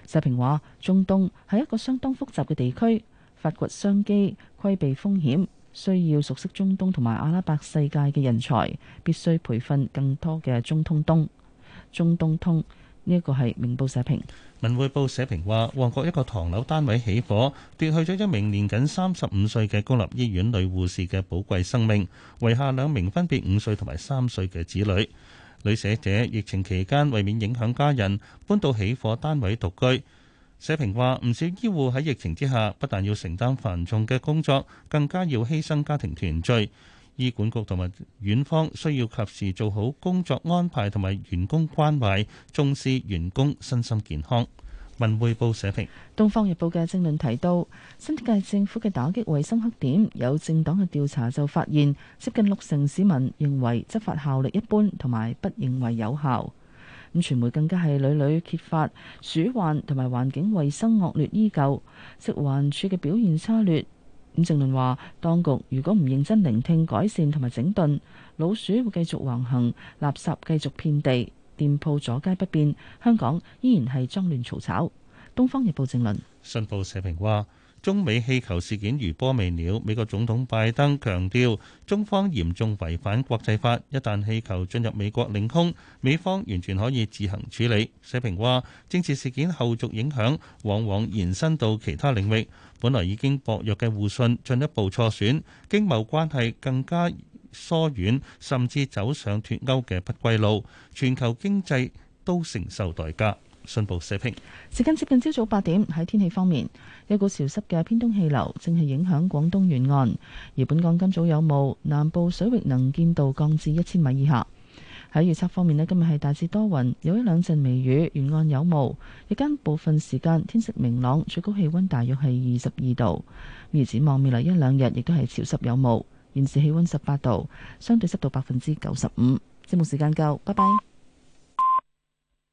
社評話，中東係一個相當複雜嘅地區，發掘商機，規避風險。需要熟悉中東同埋阿拉伯世界嘅人才，必須培訓更多嘅中通東、中東通。呢、這、一個係明報社評文匯報社評話旺角一個唐樓單位起火，奪去咗一名年僅三十五歲嘅公立醫院女護士嘅寶貴生命，遺下兩名分別五歲同埋三歲嘅子女。女死者疫情期間為免影響家人，搬到起火單位獨居。社評話唔少醫護喺疫情之下，不但要承擔繁重嘅工作，更加要犧牲家庭團聚。醫管局同埋院方需要及時做好工作安排同埋員工關懷，重視員工身心健康。文匯報社評，東方日報嘅正論提到，新一屆政府嘅打擊衛生黑點，有政黨嘅調查就發現，接近六成市民認為執法效力一般，同埋不認為有效。咁傳媒更加係屢屢揭發鼠患同埋環境衞生惡劣依舊，食環署嘅表現差劣。咁正論話，當局如果唔認真聆聽改善同埋整頓，老鼠會繼續橫行，垃圾繼續遍地，店鋪阻街不變，香港依然係髒亂嘈吵，吵。《東方日報》正論，信報社評話。中美氣球事件餘波未了，美國總統拜登強調中方嚴重違反國際法。一旦氣球進入美國領空，美方完全可以自行處理。社評話，政治事件後續影響往往延伸到其他領域，本來已經薄弱嘅互信進一步錯損，經貿關係更加疏遠，甚至走上脱歐嘅不歸路，全球經濟都承受代價。信報社評。時間接近朝早八點，喺天氣方面，一股潮濕嘅偏東氣流正係影響廣東沿岸，而本港今早有霧，南部水域能見度降至一千米以下。喺預測方面咧，今日係大致多雲，有一兩陣微雨，沿岸有霧，日間部分時間天色明朗，最高氣溫大約係二十二度。而展望未來一兩日，亦都係潮濕有霧。現時氣溫十八度，相對濕度百分之九十五。節目時間夠，拜拜。